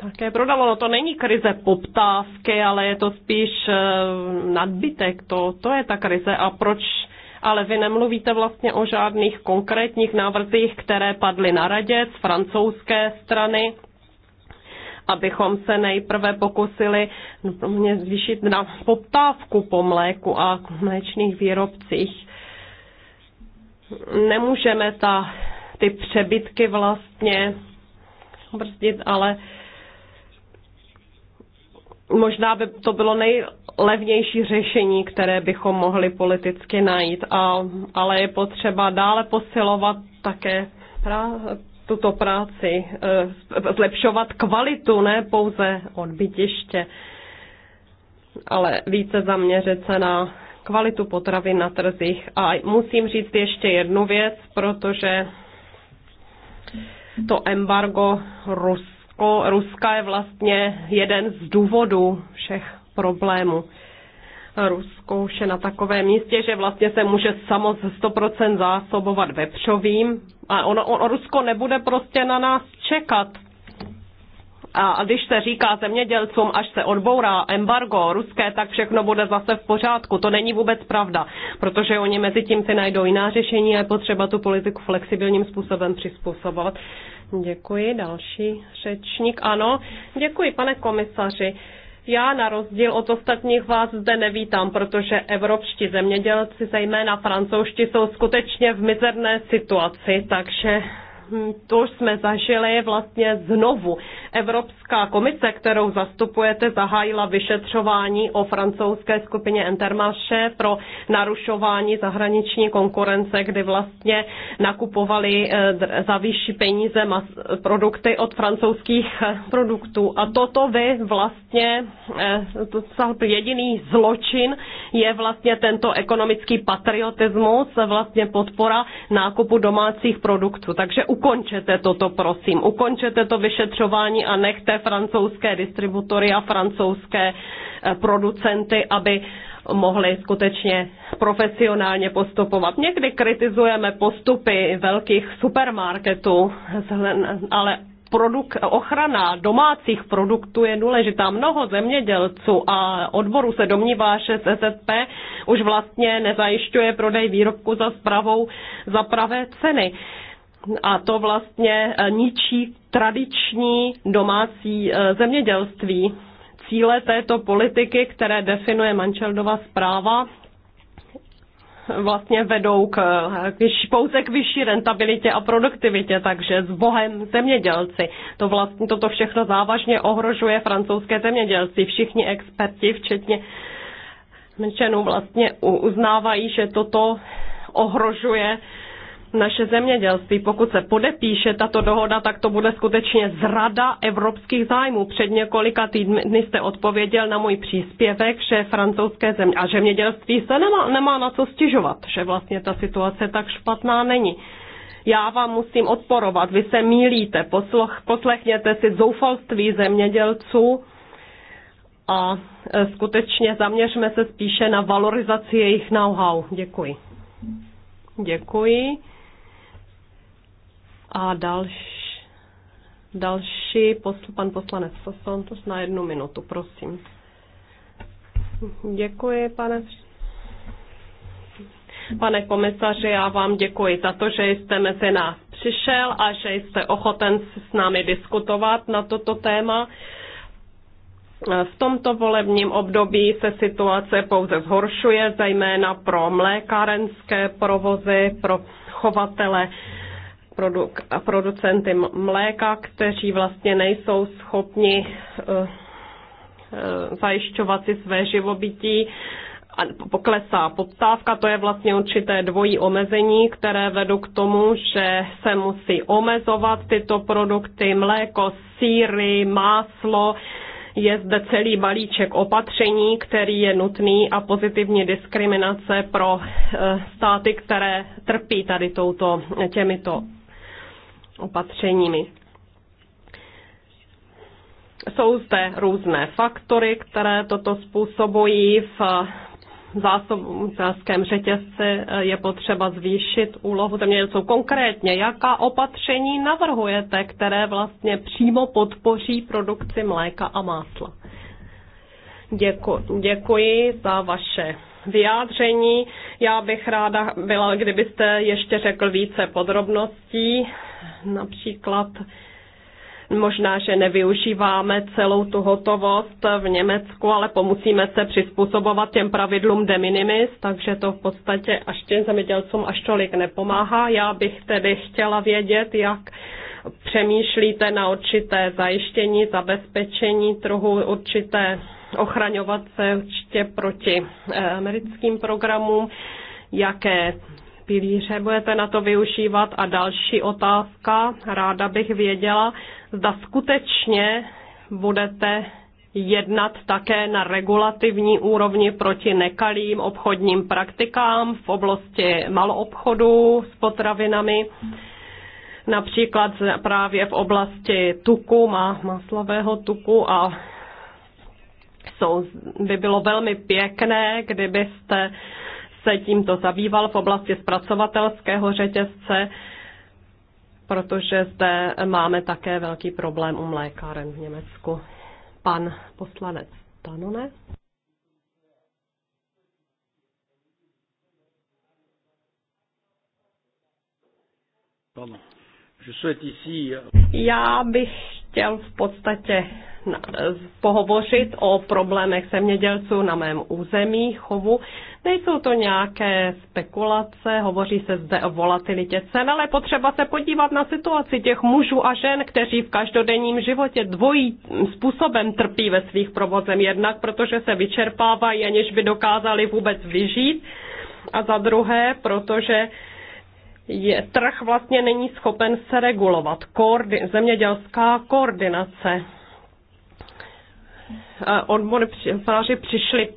také prodalo. No to není krize poptávky, ale je to spíš eh, nadbytek. To, to je ta krize. A proč ale vy nemluvíte vlastně o žádných konkrétních návrzích, které padly na radě z francouzské strany, abychom se nejprve pokusili no, zvýšit na poptávku po mléku a mléčných výrobcích. Nemůžeme ta ty přebytky vlastně brzdit, ale možná by to bylo nejlevnější řešení, které bychom mohli politicky najít, a, ale je potřeba dále posilovat také pra, tuto práci, eh, zlepšovat kvalitu, ne pouze odbytiště, ale více zaměřit se na kvalitu potravy na trzích. A musím říct ještě jednu věc, protože to embargo Rusko, Ruska je vlastně jeden z důvodů všech problémů. Rusko už je na takovém místě, že vlastně se může samo ze 100% zásobovat vepřovým a ono, ono, Rusko nebude prostě na nás čekat. A když se říká zemědělcům, až se odbourá embargo ruské, tak všechno bude zase v pořádku. To není vůbec pravda, protože oni mezi tím si najdou jiná řešení a je potřeba tu politiku flexibilním způsobem přizpůsobovat. Děkuji. Další řečník. Ano, děkuji, pane komisaři. Já na rozdíl od ostatních vás zde nevítám, protože evropští zemědělci, zejména francouzští, jsou skutečně v mizerné situaci, takže to jsme zažili vlastně znovu. Evropská komise, kterou zastupujete, zahájila vyšetřování o francouzské skupině Intermarché pro narušování zahraniční konkurence, kdy vlastně nakupovali eh, za vyšší peníze produkty od francouzských eh, produktů. A toto vy vlastně, eh, to jediný zločin je vlastně tento ekonomický patriotismus, vlastně podpora nákupu domácích produktů. Takže ukončete toto, prosím. Ukončete to vyšetřování a nechte francouzské distributory a francouzské eh, producenty, aby mohli skutečně profesionálně postupovat. Někdy kritizujeme postupy velkých supermarketů, ale produk, ochrana domácích produktů je důležitá. Mnoho zemědělců a odboru se domnívá, že SSP už vlastně nezajišťuje prodej výrobku za, spravou, za pravé ceny a to vlastně eh, ničí tradiční domácí eh, zemědělství. Cíle této politiky, které definuje Mančeldova zpráva, vlastně vedou k, eh, k, pouze k vyšší rentabilitě a produktivitě, takže s bohem zemědělci. To vlastně, toto všechno závažně ohrožuje francouzské zemědělci. Všichni experti, včetně menšenů, vlastně uznávají, že toto ohrožuje uh, naše zemědělství. Pokud se podepíše tato dohoda, tak to bude skutečně zrada evropských zájmů. Před několika týdny jste odpověděl na můj příspěvek, že francouzské země a zemědělství se nemá, nemá na co stěžovat, že vlastně ta situace tak špatná není já vám musím odporovat, vy se mílíte, posloch, poslechněte si zoufalství zemědělců a e, skutečně zaměřme se spíše na valorizaci jejich know-how. Děkuji. Děkuji. A další, další posl, pan poslanec Sosontos na jednu minutu, prosím. Děkuji, pane Pane komisaři, já vám děkuji za to, že jste mezi nás přišel a že jste ochoten s námi diskutovat na toto téma. V tomto volebním období se situace pouze zhoršuje, zejména pro mlékárenské provozy, pro chovatele produk- producenty mléka, kteří vlastně nejsou schopni eh, eh, zajišťovat si své živobytí a poklesá poptávka, to je vlastně určité dvojí omezení, které vedou k tomu, že se musí omezovat tyto produkty, mléko, síry, máslo, je zde celý balíček opatření, který je nutný a pozitivní diskriminace pro eh, státy, které trpí tady touto, těmito opatřeními. Jsou zde různé faktory, které toto způsobují. V zásobovatelském řetězci je potřeba zvýšit úlohu zemědělců. Konkrétně, jaká opatření navrhujete, které vlastně přímo podpoří produkci mléka a másla? Děku, děkuji za vaše vyjádření. Já bych ráda byla, kdybyste ještě řekl více podrobností Například možná, že nevyužíváme celou tu hotovost v Německu, ale pomusíme se přizpůsobovat těm pravidlům de minimis, takže to v podstatě až těm zemědělcům až tolik nepomáhá. Já bych tedy chtěla vědět, jak přemýšlíte na určité zajištění, zabezpečení trhu, určité ochraňovat se určitě proti eh, americkým programům, jaké pilíře budete na to využívat? A další otázka, ráda bych věděla, zda skutečně budete jednat také na regulativní úrovni proti nekalým obchodním praktikám v oblasti maloobchodu s potravinami, například právě v oblasti tuku, má maslového tuku a jsou, by bylo velmi pěkné, kdybyste se tímto zabýval v oblasti zpracovatelského řetězce, protože zde máme také velký problém u mlékáren v Německu. Pan poslanec Tanone. Euh, Já bych chtěl v podstatě pohovořit o problémech zemědělců na mém území, chovu. Nejsou to nějaké spekulace, hovoří se zde o volatilitě cen, ale potřeba se podívat na situaci těch mužů a žen, kteří v každodenním životě dvojí způsobem trpí ve svých provozem. Jednak protože se vyčerpávají, aniž by dokázali vůbec vyžít. A za druhé, protože je, trh vlastně není schopen se regulovat. Koordi- zemědělská koordinace Eh, odbory páři přišli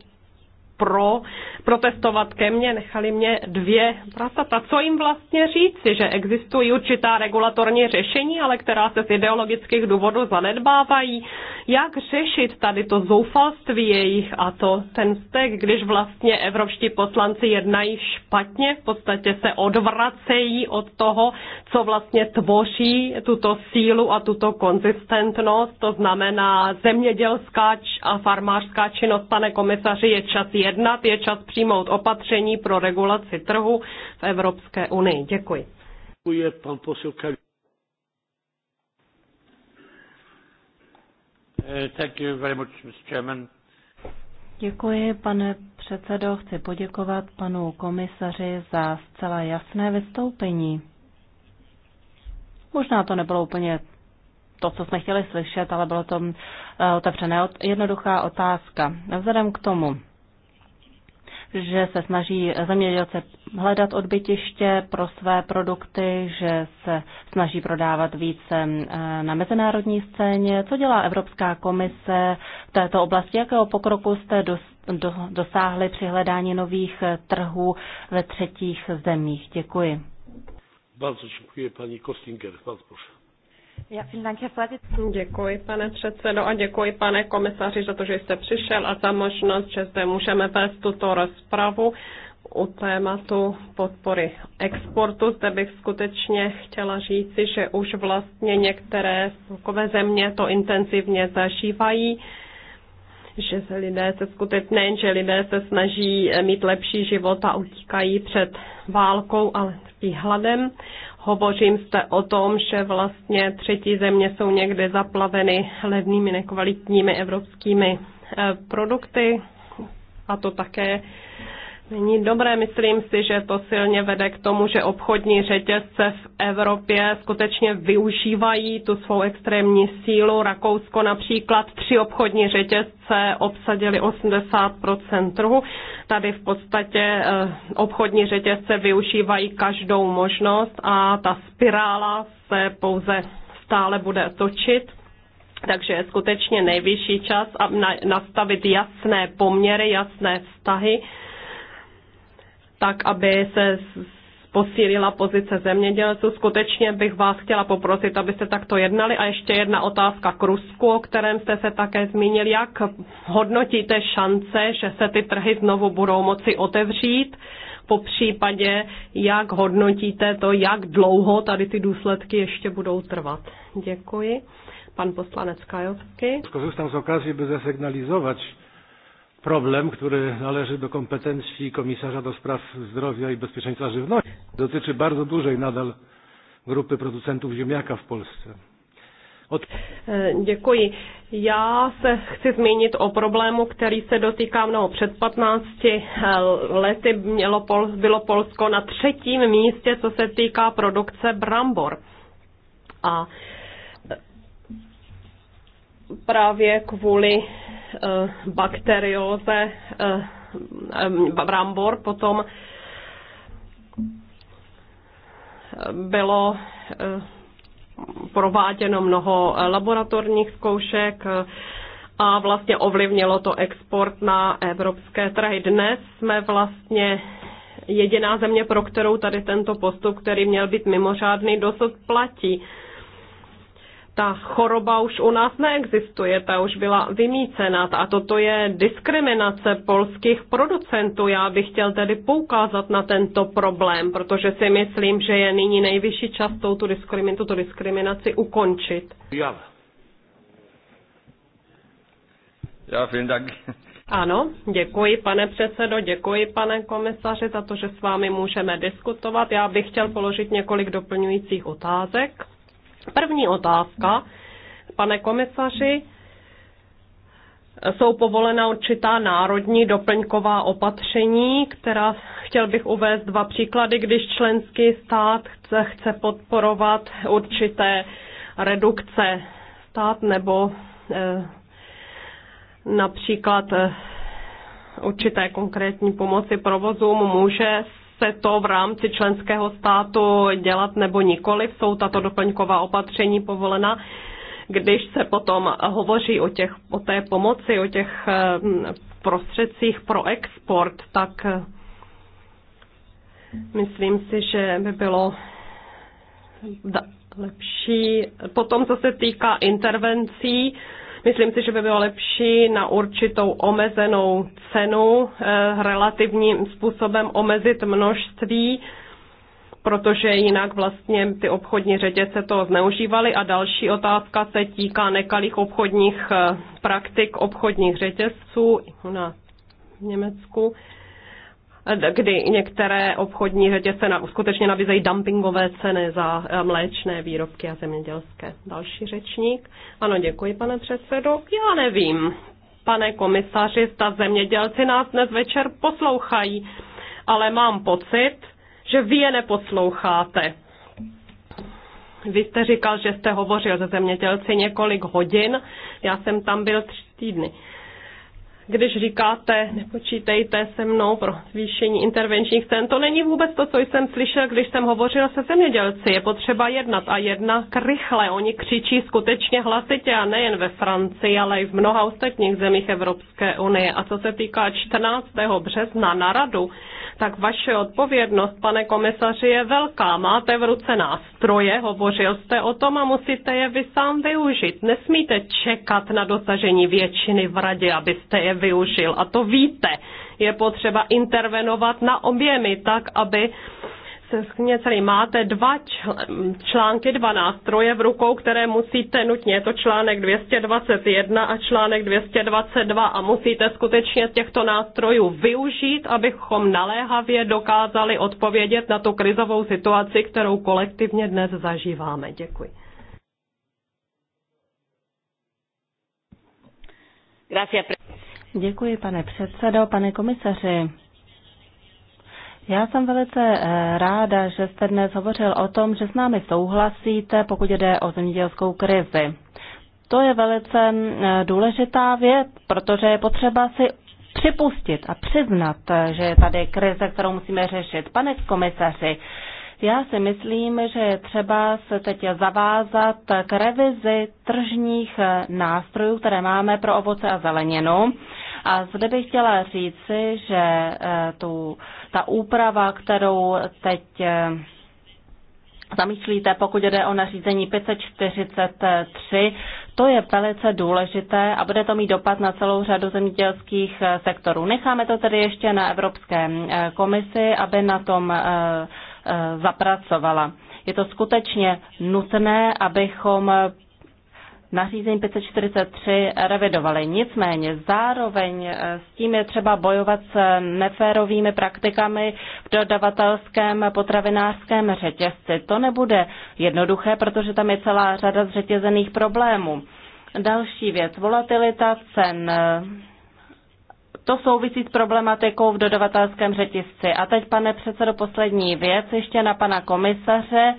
pro protestovat ke mně, nechali mě dvě prasata. Co jim vlastně říci, že existují určitá regulatorní řešení, ale která se z ideologických důvodů zanedbávají? Jak řešit tady to zoufalství jejich a to ten stek, když vlastně evropští poslanci jednají špatně, v podstatě se odvracejí od toho, co vlastně tvoří tuto sílu a tuto konzistentnost, to znamená zemědělská a farmářská činnost, pane komisaři, je čas jednat, je čas přijmout opatření pro regulaci trhu v Evropské unii. Děkuji. Eh, Děkuji, pane předsedo. Chci poděkovat panu komisaři za zcela jasné vystoupení. Možná to nebylo úplně to, co jsme chtěli slyšet, ale bylo to eh, otevřené jednoduchá otázka. Vzhledem k tomu, že se snaží zemědělce hledat odbytiště pro své produkty, že se snaží prodávat více eh, na mezinárodní scéně. Co dělá Evropská komise v této oblasti? Jakého pokroku jste dosáhli při hledání nových eh, trhů ve třetích zemích? Děkuji. Bardzo dziękuję pani Kostinger. Bardzo proszę. Děkuji, pane předsedo, a děkuji, pane komisaři, za to, že jste přišel a za možnost, že zde můžeme vést tuto rozpravu u tématu podpory exportu. Zde bych skutečně chtěla říci, že už vlastně některé spolkové země to intenzivně zažívají že se lidé se skutečně nejen, že lidé se snaží mít lepší život a utíkají před válkou, ale i hladem. Hovořím jste o tom, že vlastně třetí země jsou někde zaplaveny levnými nekvalitními evropskými eh, produkty a to také není dobré. Myslím si, že to silně vede k tomu, že obchodní řetězce v Evropě skutečně využívají tu svou extrémní sílu. Rakousko například tři obchodní řetězce obsadili 80 trhu. Tady v podstatě eh, obchodní řetězce využívají každou možnost a ta spirála se pouze stále bude točit. Takže je skutečně nejvyšší čas nastavit jasné poměry, jasné vztahy tak aby se posílila pozice zemědělců. Skutečně bych vás chtěla poprosit, abyste takto jednali. A ještě jedna otázka k Rusku, o kterém jste se také zmínil. Jak hodnotíte šance, že se ty trhy znovu budou moci otevřít? Po případě, jak hodnotíte to, jak dlouho tady ty důsledky ještě budou trvat? Děkuji. Pan poslanec Kajovský. Skorzystam z okazji, by zasygnalizować problem, który należy do kompetencji komisarza do spraw zdrowia i bezpieczeństwa żywności. Dotyczy bardzo dużej nadal grupy producentów ziemniaka w Polsce. Od... E, děkuji. Já se chci zmínit o problému, který se dotýká mnoho. Před 15 e, lety mělo Pol, bylo Polsko na třetím místě, co se týká produkce brambor. A právě kvůli eh, bakterióze eh, eh, brambor potom bylo prováděno mnoho laboratorních zkoušek a vlastně ovlivnilo to export na evropské trhy. Dnes jsme vlastně jediná země, pro kterou tady tento postup, který měl být mimořádný, dosud platí ta choroba už u nás neexistuje, ta už byla vymícená. a toto je diskriminace polských producentů. Já bych chtěl tedy poukázat na tento problém, protože si myslím, že je nyní nejvyšší čas touto diskriminaci, tuto diskriminaci ukončit. Já. Já, vím, tak. Ano, děkuji pane předsedo, děkuji pane komisaři za to, že s vámi můžeme diskutovat. Já bych chtěl položit několik doplňujících otázek. První otázka, pane komisaři, jsou povolena určitá národní doplňková opatření, která chtěl bych uvést dva příklady, když členský stát chce, chce podporovat určité redukce stát nebo eh, například eh, určité konkrétní pomoci provozům může se to v rámci členského státu dělat nebo nikoli, jsou tato doplňková opatření povolena když se potom hovoří o, těch, o té pomoci, o těch mm, prostředcích pro export, tak eh, myslím si, že by bylo lepší. Potom, co se týká intervencí, Myslím si, že by bylo lepší na určitou omezenou cenu eh, relativním způsobem omezit množství protože jinak vlastně ty obchodní řetězce to zneužívaly. A další otázka se týká nekalých obchodních eh, praktik obchodních řetězců u nás v Německu kdy některé obchodní řetězce na, skutečně nabízejí dumpingové ceny za eh, mléčné výrobky a zemědělské. Další řečník. Ano, děkuji, pane předsedo. Já nevím, pane komisaři, ta zemědělci nás dnes večer poslouchají, ale mám pocit, že vy je neposloucháte. Vy jste říkal, že jste hovořil se zemědělci několik hodin, já jsem tam byl tři týdny když říkáte, nepočítejte se mnou pro zvýšení intervenčních cen, to není vůbec to, co jsem slyšel, když jsem hovořil se zemědělci. Je potřeba jednat a jednat rychle. Oni křičí skutečně hlasitě a nejen ve Francii, ale i v mnoha ostatních zemích Evropské unie. A co se týká 14. března na radu, tak vaše odpovědnost, pane komisaři, je velká. Máte v ruce nástroje, hovořil jste o tom a musíte je vy sám využít. Nesmíte čekat na dosažení většiny v radě, abyste je nevyužil. A to víte. Je potřeba intervenovat na oběmi tak, aby se Tady máte dva články, dva nástroje v rukou, které musíte nutně, je to článek 221 a článek 222 a musíte skutečně těchto nástrojů využít, abychom naléhavě dokázali odpovědět na tu krizovou situaci, kterou kolektivně dnes zažíváme. Děkuji. Děkuji, pane předsedo, pane komisaři. Já jsem velice eh, ráda, že jste dnes hovořil o tom, že s námi souhlasíte, pokud jde o zemědělskou krizi. To je velice eh, důležitá věc, protože je potřeba si připustit a přiznat, eh, že je tady krize, kterou musíme řešit. Pane komisaři, já si myslím, že je třeba se teď zavázat k revizi tržních nástrojů, které máme pro ovoce a zeleninu. A zde bych chtěla říci, že eh, tu, ta úprava, kterou teď eh, zamýšlíte, pokud jde o nařízení 543, to je velice důležité a bude to mít dopad na celou řadu zemědělských eh, sektorů. Necháme to tedy ještě na Evropské komisi, aby na tom zapracovala. Je to skutečně nutné, abychom nařízení 543 revidovali. Nicméně zároveň eh, s tím je třeba bojovat s neférovými praktikami v dodavatelském potravinářském řetězci. To nebude jednoduché, protože tam je celá řada zřetězených problémů. Další věc, volatilita cen. To souvisí s problematikou v dodavatelském řetězci. A teď, pane předsedo, poslední věc ještě na pana komisaře.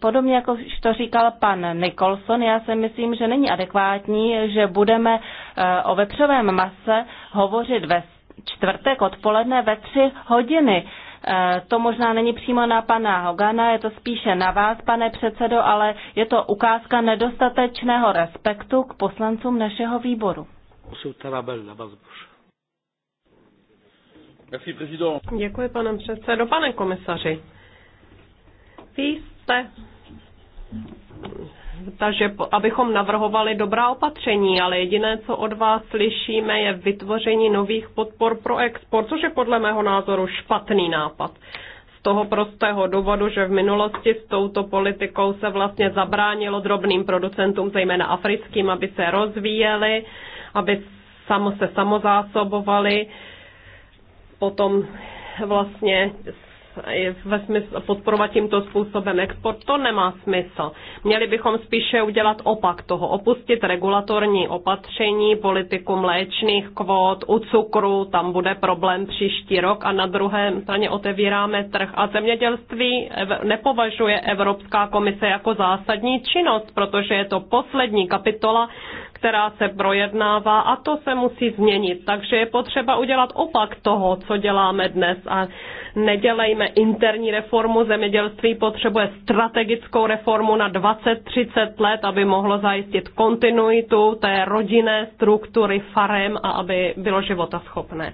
Podobně jako to říkal pan Nicholson, já si myslím, že není adekvátní, že budeme eh, o vepřovém mase hovořit ve čtvrtek odpoledne ve tři hodiny. Eh, to možná není přímo na pana Hogana, je to spíše na vás, pane předsedo, ale je to ukázka nedostatečného respektu k poslancům našeho výboru. Děkuji, pane předsedo. Pane komisaři, vy jste takže abychom navrhovali dobrá opatření, ale jediné, co od vás slyšíme, je vytvoření nových podpor pro export, což je podle mého názoru špatný nápad. Z toho prostého důvodu, že v minulosti s touto politikou se vlastně zabránilo drobným producentům, zejména africkým, aby se rozvíjeli, aby samo se samozásobovali. Potom vlastně ve smysl, podporovat tímto způsobem export, to nemá smysl. Měli bychom spíše udělat opak toho, opustit regulatorní opatření, politiku mléčných kvót, u cukru, tam bude problém příští rok a na druhé straně otevíráme trh. A zemědělství nepovažuje Evropská komise jako zásadní činnost, protože je to poslední kapitola, která se projednává a to se musí změnit. Takže je potřeba udělat opak toho, co děláme dnes. A nedělejme interní reformu zemědělství, potřebuje strategickou reformu na 20-30 let, aby mohlo zajistit kontinuitu té rodinné struktury farem a aby bylo života schopné.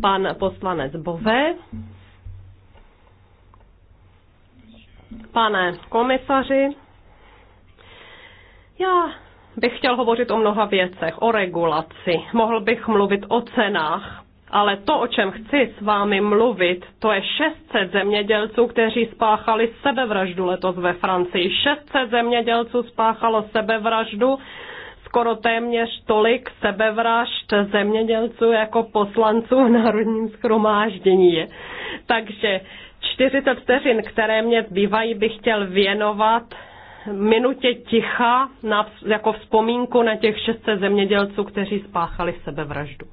Pan poslanec Bové. Pane komisaři, já bych chtěl hovořit o mnoha věcech, o regulaci. Mohl bych mluvit o cenách, ale to, o čem chci s vámi mluvit, to je 600 zemědělců, kteří spáchali sebevraždu letos ve Francii. 600 zemědělců spáchalo sebevraždu, skoro téměř tolik sebevražd zemědělců jako poslanců v Národním schromáždění. Takže 40 vteřin, které mě zbývají, bych chtěl věnovat minutě ticha na, jako vzpomínku na těch 600 zemědělců, kteří spáchali sebevraždu.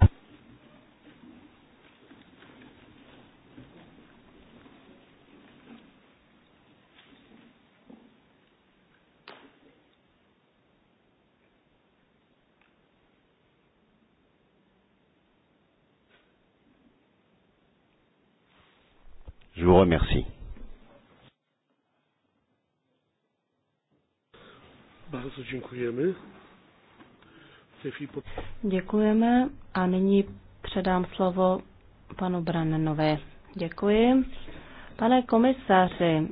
vous remercie. Děkujeme a nyní předám slovo panu Brannenové. Děkuji. Pane komisaři,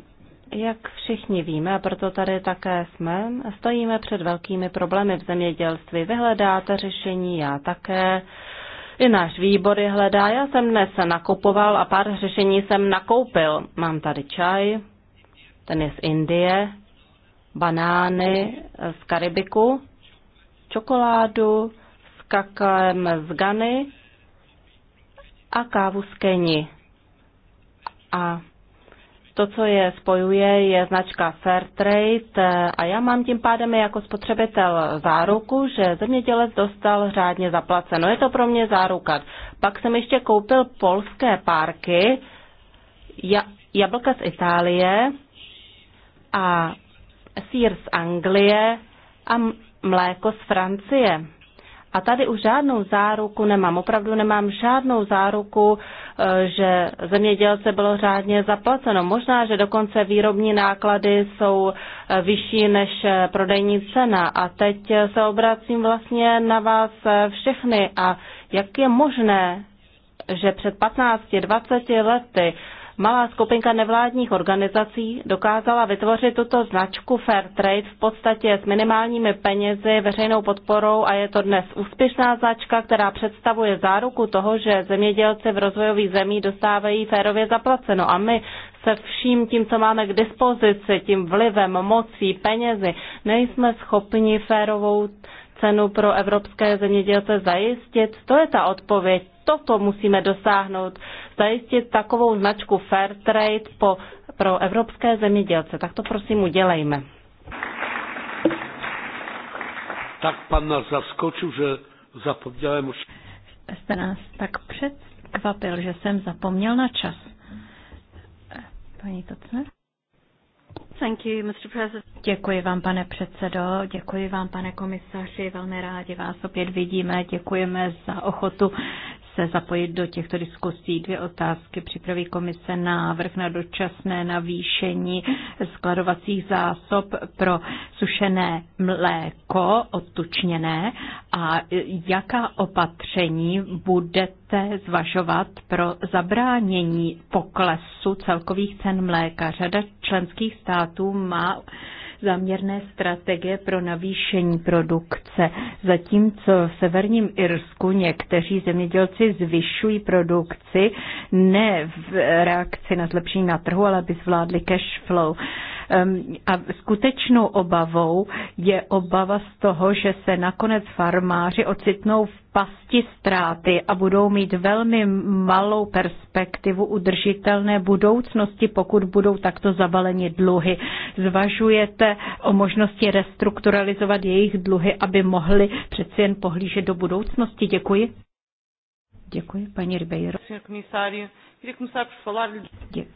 jak všichni víme, a proto tady také jsme, stojíme před velkými problémy v zemědělství. Vyhledáte řešení, já také i náš výbor je hledá. Já jsem dnes nakupoval a pár řešení jsem nakoupil. Mám tady čaj, ten je z Indie, banány z Karibiku, čokoládu s kakaem z Gany a kávu z Keni. A to, co je spojuje, je značka Fairtrade eh, a já mám tím pádem jako spotřebitel záruku, že zemědělec dostal řádně zaplaceno. Je to pro mě záruka. Pak jsem ještě koupil polské párky, jablka z Itálie a sír z Anglie a mléko z Francie. A tady už žádnou záruku nemám, opravdu nemám žádnou záruku, eh, že zemědělce bylo řádně zaplaceno. Možná, že dokonce výrobní náklady jsou eh, vyšší než eh, prodejní cena. A teď se obracím vlastně na vás všechny. A jak je možné, že před 15-20 lety malá skupinka nevládních organizací dokázala vytvořit tuto značku Fair Trade v podstatě s minimálními penězi, veřejnou podporou a je to dnes úspěšná značka, která představuje záruku toho, že zemědělci v rozvojových zemích dostávají férově zaplaceno a my se vším tím, co máme k dispozici, tím vlivem, mocí, penězi, nejsme schopni férovou cenu pro evropské zemědělce zajistit? To je ta odpověď. Toto musíme dosáhnout zajistit takovou značku Trade po, pro evropské zemědělce. Tak to prosím udělejme. Tak pan nás zaskočil, že zapomněl. Jste nás tak předkvapil, že jsem zapomněl na čas. Paní Tocner? Thank you, Mr. President. Děkuji vám, pane předsedo, děkuji vám, pane komisaři, velmi rádi vás opět vidíme, děkujeme za ochotu se zapojit do těchto diskusí. Dvě otázky. Připraví komise návrh na dočasné navýšení skladovacích zásob pro sušené mléko, odtučněné, a jaká opatření budete zvažovat pro zabránění poklesu celkových cen mléka? Řada členských států má záměrné strategie pro navýšení produkce. Zatímco v severním Irsku někteří zemědělci zvyšují produkci ne v reakci na zlepšení na trhu, ale aby zvládli cash flow. Ehm, a skutečnou obavou je obava z toho, že se nakonec farmáři ocitnou v pasti ztráty a budou mít velmi malou perspektivu udržitelné budoucnosti, pokud budou takto zabaleni dluhy. Zvažujete o možnosti restrukturalizovat jejich dluhy, aby mohli přeci jen pohlížet do budoucnosti? Děkuji. Děkuji, paní Ribeiro. Děkuji.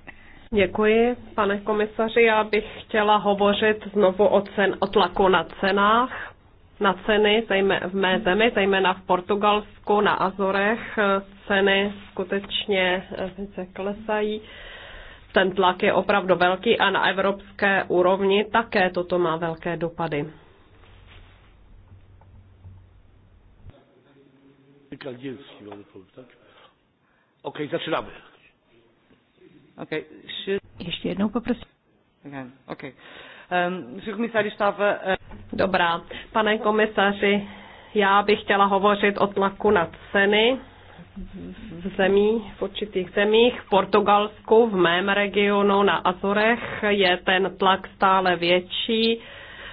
Děkuji, pane komisaři. Já bych chtěla hovořit znovu o, cen, o tlaku na cenách, na ceny zejména v mé zemi, zejména v Portugalsku, na Azorech. Ceny skutečně eh, se klesají. Ten tlak je opravdu velký a na evropské úrovni také toto má velké dopady. okay, okay. Ještě jednou poprosím. Okay. Ehm, eh, Dobrá. Pane komisaři, já bych chtěla hovořit o tlaku na ceny v zemí, v určitých zemích, v Portugalsku, v mém regionu, na Azorech je ten tlak stále větší,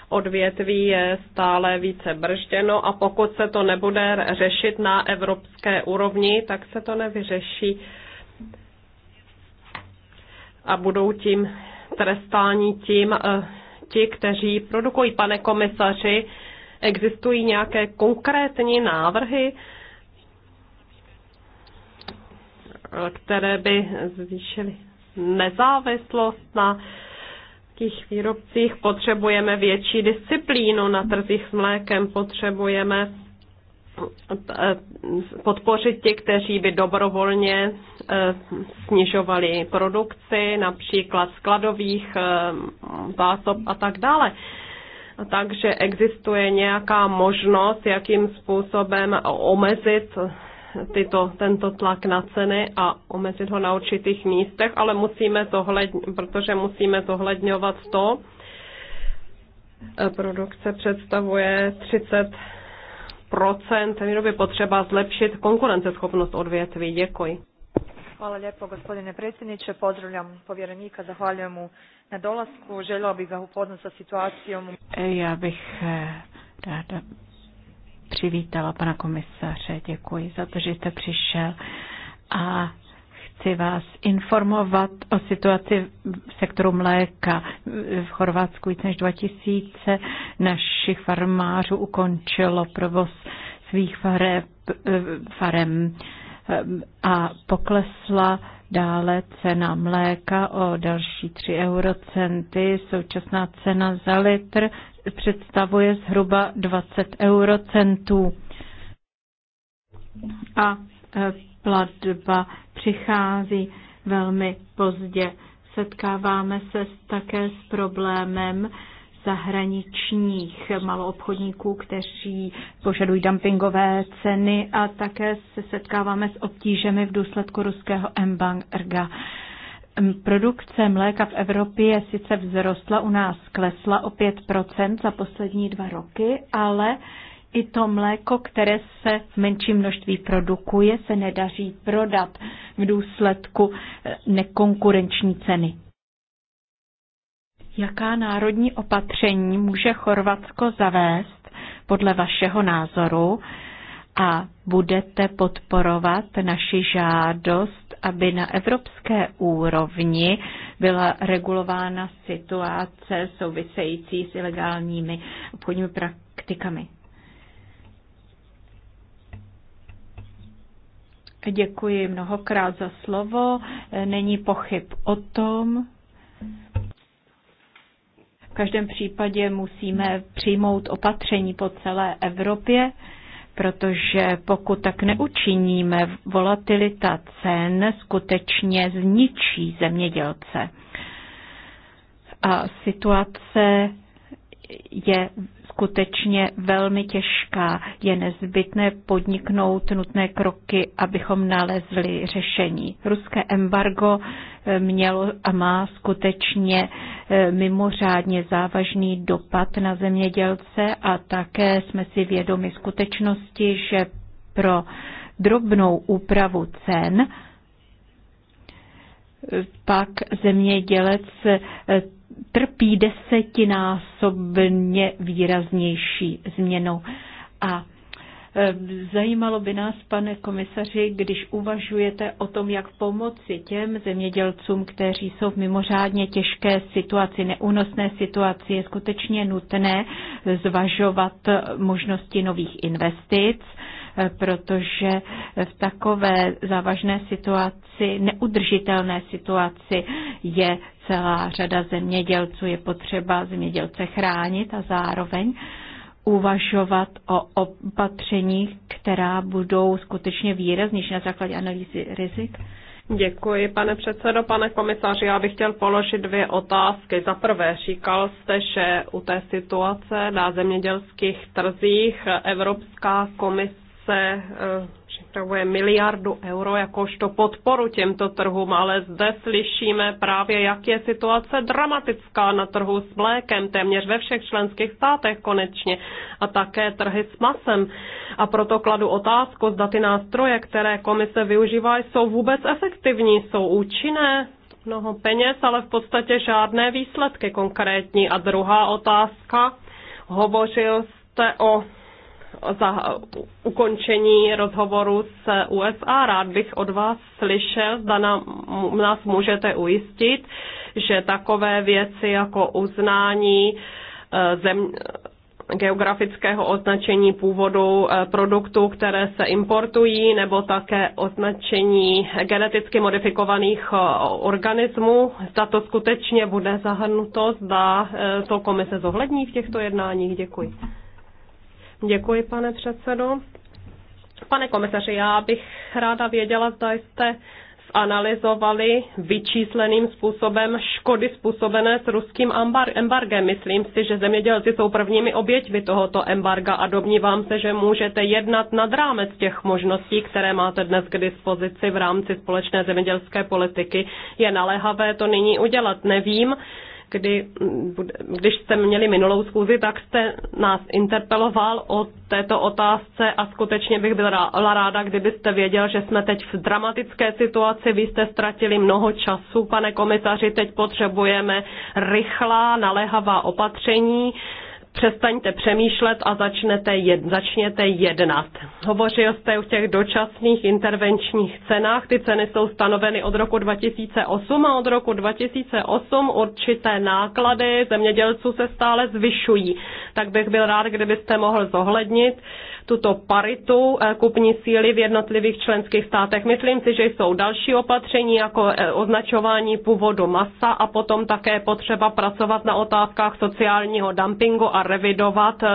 odvětví je stále více bržděno a pokud se to nebude řešit na evropské úrovni, tak se to nevyřeší a budou tím trestáni tím eh, ti, kteří produkují. Pane komisaři, existují nějaké konkrétní návrhy, které by zvýšily nezávislost na těch výrobcích. Potřebujeme větší disciplínu na trzích s mlékem, potřebujeme podpořit ti, kteří by dobrovolně eh, snižovali produkci, například skladových eh, zásob a tak dále. Takže existuje nějaká možnost, jakým způsobem omezit tyto, tento tlak na ceny a omezit ho na určitých místech, ale musíme hled, protože musíme zohledňovat to, eh, produkce představuje 30 procent výroby potřeba zlepšit konkurenceschopnost odvětví. Děkuji. Hvala lepo, gospodine predsjedniče. Pozdravljam povjerenika, zahvaljujem mu na dolasku. Željela bih ga upoznat sa situacijom. Ja bih eh, rada přivítala pana komisaře. Děkuji za to, že jste přišel. A chci vás informovat o situaci v sektoru mléka. V Chorvatsku více než 2000 našich farmářů ukončilo provoz svých fareb, farem a poklesla dále cena mléka o další 3 eurocenty. Současná cena za litr představuje zhruba 20 eurocentů. A e, platba přichází velmi pozdě. Setkáváme se také s problémem zahraničních maloobchodníků, kteří požadují dumpingové ceny a také se setkáváme s obtížemi v důsledku ruského embarga. Produkce mléka v Evropě sice vzrostla, u nás klesla o 5% za poslední dva roky, ale uh, i to mléko, které se v menším množství produkuje, se nedaří prodat v důsledku eh, nekonkurenční ceny. Jaká národní opatření může Chorvatsko zavést podle vašeho názoru a budete podporovat naši žádost, aby na evropské úrovni byla regulována situace související s ilegálními obchodními praktikami? Děkuji mnohokrát za slovo. Není pochyb o tom. V každém případě musíme přijmout opatření po celé Evropě, protože pokud tak neučiníme, volatilita cen skutečně zničí zemědělce. A situace je skutečně velmi těžká. Je nezbytné podniknout nutné kroky, abychom nalezli řešení. Ruské embargo eh, mělo a má skutečně eh, mimořádně závažný dopad na zemědělce a také jsme si vědomi skutečnosti, že pro drobnou úpravu cen eh, pak zemědělec trpí desetinásobně výraznější změnou. A e, Zajímalo by nás, pane komisaři, když uvažujete o tom, jak pomoci těm zemědělcům, kteří jsou v mimořádně těžké situaci, neúnosné situaci, je skutečně nutné zvažovat možnosti nových investic Eh, protože v takové závažné situaci, neudržitelné situaci je celá řada zemědělců. Je potřeba zemědělce chránit a zároveň uvažovat o opatřeních, která budou skutečně výraznější na základě analýzy rizik. Děkuji, pane předsedo. Pane komisaři, já bych chtěl položit dvě otázky. Za prvé, říkal jste, že u té situace na zemědělských trzích Evropská komise se eh, připravuje miliardu euro jakožto podporu těmto trhům, ale zde slyšíme právě, jak je situace dramatická na trhu s mlékem téměř ve všech členských státech konečně a také trhy s masem. A proto kladu otázku, zda ty nástroje, které komise využívá, jsou vůbec efektivní, jsou účinné, mnoho peněz, ale v podstatě žádné výsledky konkrétní. A druhá otázka, hovořil jste o za ukončení rozhovoru s USA. Rád bych od vás slyšel, zda nám, nás můžete ujistit, že takové věci jako uznání eh, zem, geografického označení původu eh, produktů, které se importují, nebo také označení geneticky modifikovaných eh, organismů. Zda to skutečně bude zahrnuto, zda to komise zohlední v těchto jednáních. Děkuji. Děkuji, pane předsedo. Pane komisaři, já bych ráda věděla, zda jste zanalizovali vyčísleným způsobem škody způsobené s ruským embargem. Myslím si, že zemědělci jsou prvními oběťmi tohoto embarga a domnívám se, že můžete jednat nad rámec těch možností, které máte dnes k dispozici v rámci společné zemědělské politiky. Je naléhavé to nyní udělat. Nevím, kdy, když jste měli minulou schůzi, tak jste nás interpeloval o této otázce a skutečně bych byla ráda, kdybyste věděl, že jsme teď v dramatické situaci. Vy jste ztratili mnoho času, pane komisaři, teď potřebujeme rychlá, naléhavá opatření přestaňte přemýšlet a začnete jed, začněte jednat. Hovořil jste o těch dočasných intervenčních cenách. Ty ceny jsou stanoveny od roku 2008 a od roku 2008 určité náklady zemědělců se stále zvyšují. Tak bych byl rád, kdybyste mohl zohlednit tuto paritu eh, kupní síly v jednotlivých členských státech. Myslím si, že jsou další opatření, jako eh, označování původu masa a potom také potřeba pracovat na otázkách sociálního dumpingu a revidovat eh,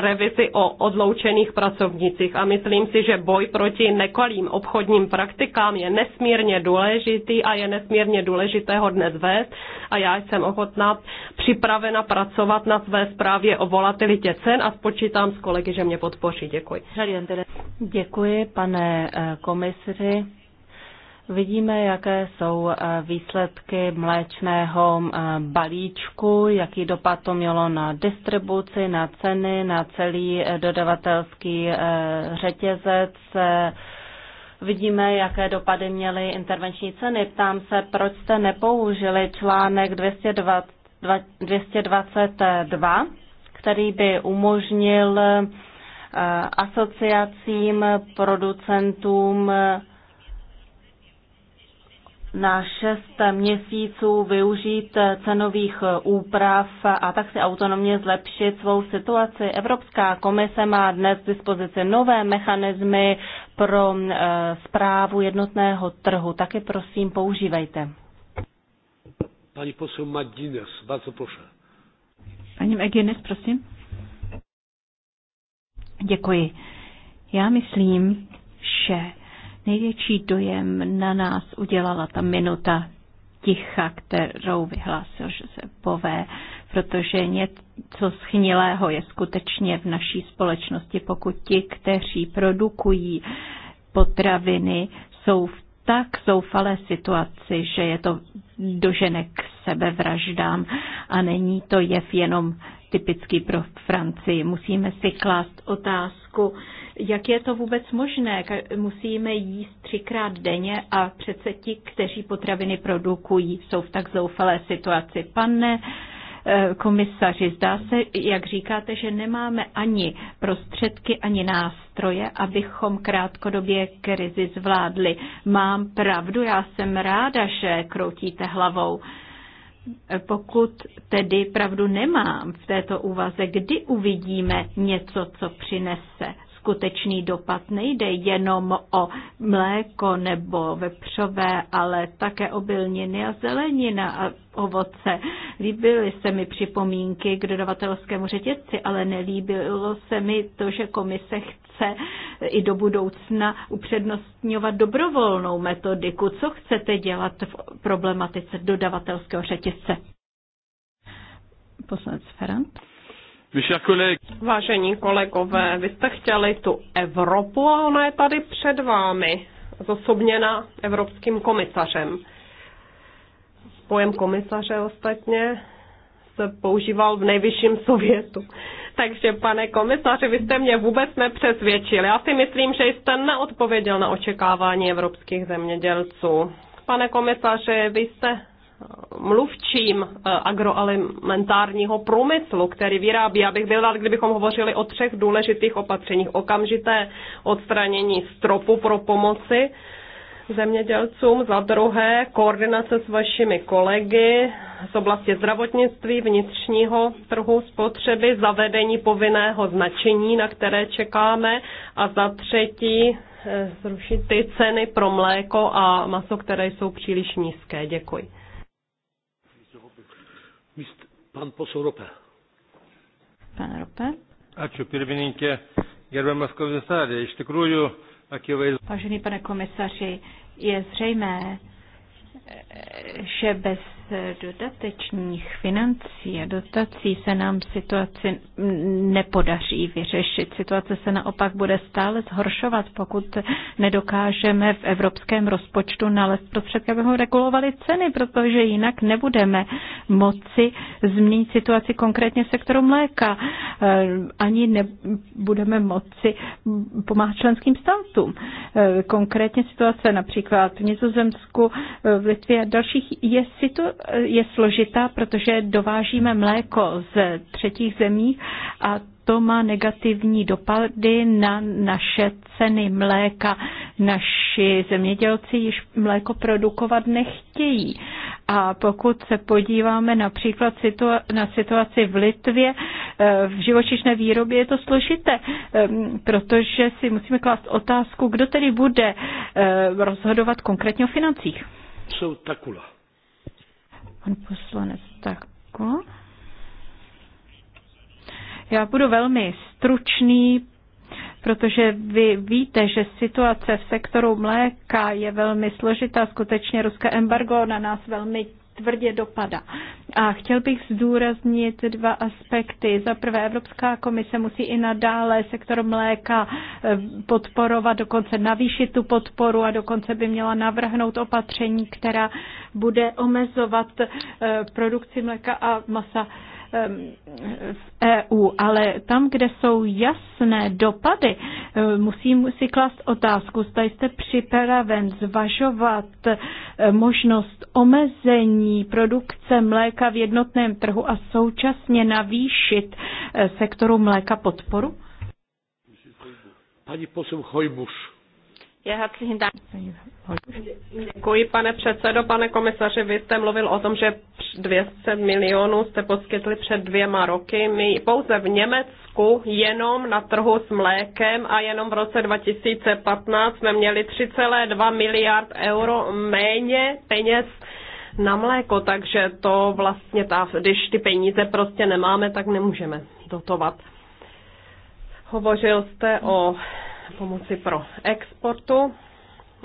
revizi o odloučených pracovnicích. A myslím si, že boj proti nekalým obchodním praktikám je nesmírně důležitý a je nesmírně důležité ho dnes vést. A já jsem ochotná připravena pracovat na své zprávě o volatilitě cen a spočítám s kolegy, že mě podpoří. Děkuji. Děkuji, pane eh, komisři. Vidíme, jaké jsou eh, výsledky mléčného eh, balíčku, jaký dopad to mělo na distribuci, na ceny, na celý dodavatelský řetězec. Vidíme, jaké dopady měly intervenční ceny. Ptám se, proč jste nepoužili článek 222, který by umožnil Eh, asociacím, producentům eh, na šest měsíců využít cenových úprav a tak si autonomně zlepšit svou situaci. Evropská komise má dnes k dispozici nové mechanismy pro zprávu eh, jednotného trhu. Taky prosím používejte. Pani posel Madines, bardzo proszę. Pani Magines, prosím. Děkuji. Já myslím, že největší dojem na nás udělala ta minuta ticha, kterou vyhlásil se Bové, protože něco schnilého je skutečně v naší společnosti, pokud ti, kteří produkují potraviny, jsou v tak zoufalé situaci, že je to doženek sebevraždám a není to jev jenom typický pro Francii. Musíme si klást otázku, jak je to vůbec možné. Musíme jíst třikrát denně a přece ti, kteří potraviny produkují, jsou v tak zoufalé situaci. Pane eh, komisaři, zdá se, jak říkáte, že nemáme ani prostředky, ani nástroje, abychom krátkodobě krizi zvládli. Mám pravdu, já jsem ráda, že kroutíte hlavou pokud tedy pravdu nemám v této úvaze, kdy uvidíme něco, co přinese skutečný dopad. Nejde jenom o mléko nebo vepřové, ale také obilniny a zelenina a ovoce. Líbily se mi připomínky k dodavatelskému řetězci, ale nelíbilo se mi to, že komise chce i do budoucna upřednostňovat dobrovolnou metodiku. Co chcete dělat v problematice dodavatelského řetězce? Poslanec Ferrand. Vážení kolegové, vy jste chtěli tu Evropu a ona je tady před vámi, zosobněna evropským komisařem. Pojem komisaře ostatně se používal v nejvyšším sovětu. Takže, pane komisaři, vy jste mě vůbec nepřesvědčili. Já si myslím, že jste neodpověděl na očekávání evropských zemědělců. Pane komisaři, vy jste mluvčím eh, agroalimentárního průmyslu, který vyrábí. Abych byl rád, kdybychom hovořili o třech důležitých opatřeních. Okamžité odstranění stropu pro pomoci zemědělcům, za druhé koordinace s vašimi kolegy z oblasti zdravotnictví, vnitřního trhu spotřeby, zavedení povinného značení, na které čekáme, a za třetí eh, zrušit ty ceny pro mléko a maso, které jsou příliš nízké. Děkuji. Pan posol Rope. Pan Rope. Ačiū pirmininkė, gerbiamas komisarė. Iš tikrųjų, akivaizdu. Pažiūrėjai, pane komisaři, jie zřejmé, že bez dodatečních dodatečných financí a dotací se nám situaci nepodaří vyřešit. Situace se naopak bude stále zhoršovat, pokud nedokážeme v evropském rozpočtu nalézt prostředky, abychom regulovali ceny, protože jinak nebudeme moci změnit situaci konkrétně sektoru mléka. Eh, ani nebudeme moci pomáhat členským státům. Eh, konkrétně situace například v Nizozemsku, eh, v Litvě a dalších je situace je složitá, protože dovážíme mléko z třetích zemí a to má negativní dopady na naše ceny mléka. Naši zemědělci již mléko produkovat nechtějí. A pokud se podíváme například situa- na situaci v Litvě, eh, v živočišné výrobě je to složité, eh, protože si musíme klást otázku, kdo tedy bude eh, rozhodovat konkrétně o financích. Jsou takula. Pan poslanec Tako. Já budu velmi stručný, protože vy víte, že situace v sektoru mléka je velmi složitá. Skutečně ruské embargo na nás velmi tvrdě dopadá. A chtěl bych zdůraznit dva aspekty. Za prvé, Evropská komise musí i nadále sektor mléka eh, podporovat, dokonce navýšit tu podporu a dokonce by měla navrhnout opatření, která bude omezovat eh, produkci mléka a masa v EU, ale tam, kde jsou jasné dopady, musím si klást otázku, zda jste připraven zvažovat možnost omezení produkce mléka v jednotném trhu a současně navýšit eh, sektoru mléka podporu? Pani poseł Hojbuš. Ja herzlichen Dank. Děkuji, pane předsedo. Pane komisaři, vy jste mluvil o tom, že 200 milionů jste poskytli před dvěma roky. My pouze v Německu jenom na trhu s mlékem a jenom v roce 2015 jsme měli 3,2 miliard euro méně peněz na mléko, takže to vlastně, ta, když ty peníze prostě nemáme, tak nemůžeme dotovat. Hovořil jste o pomoci pro exportu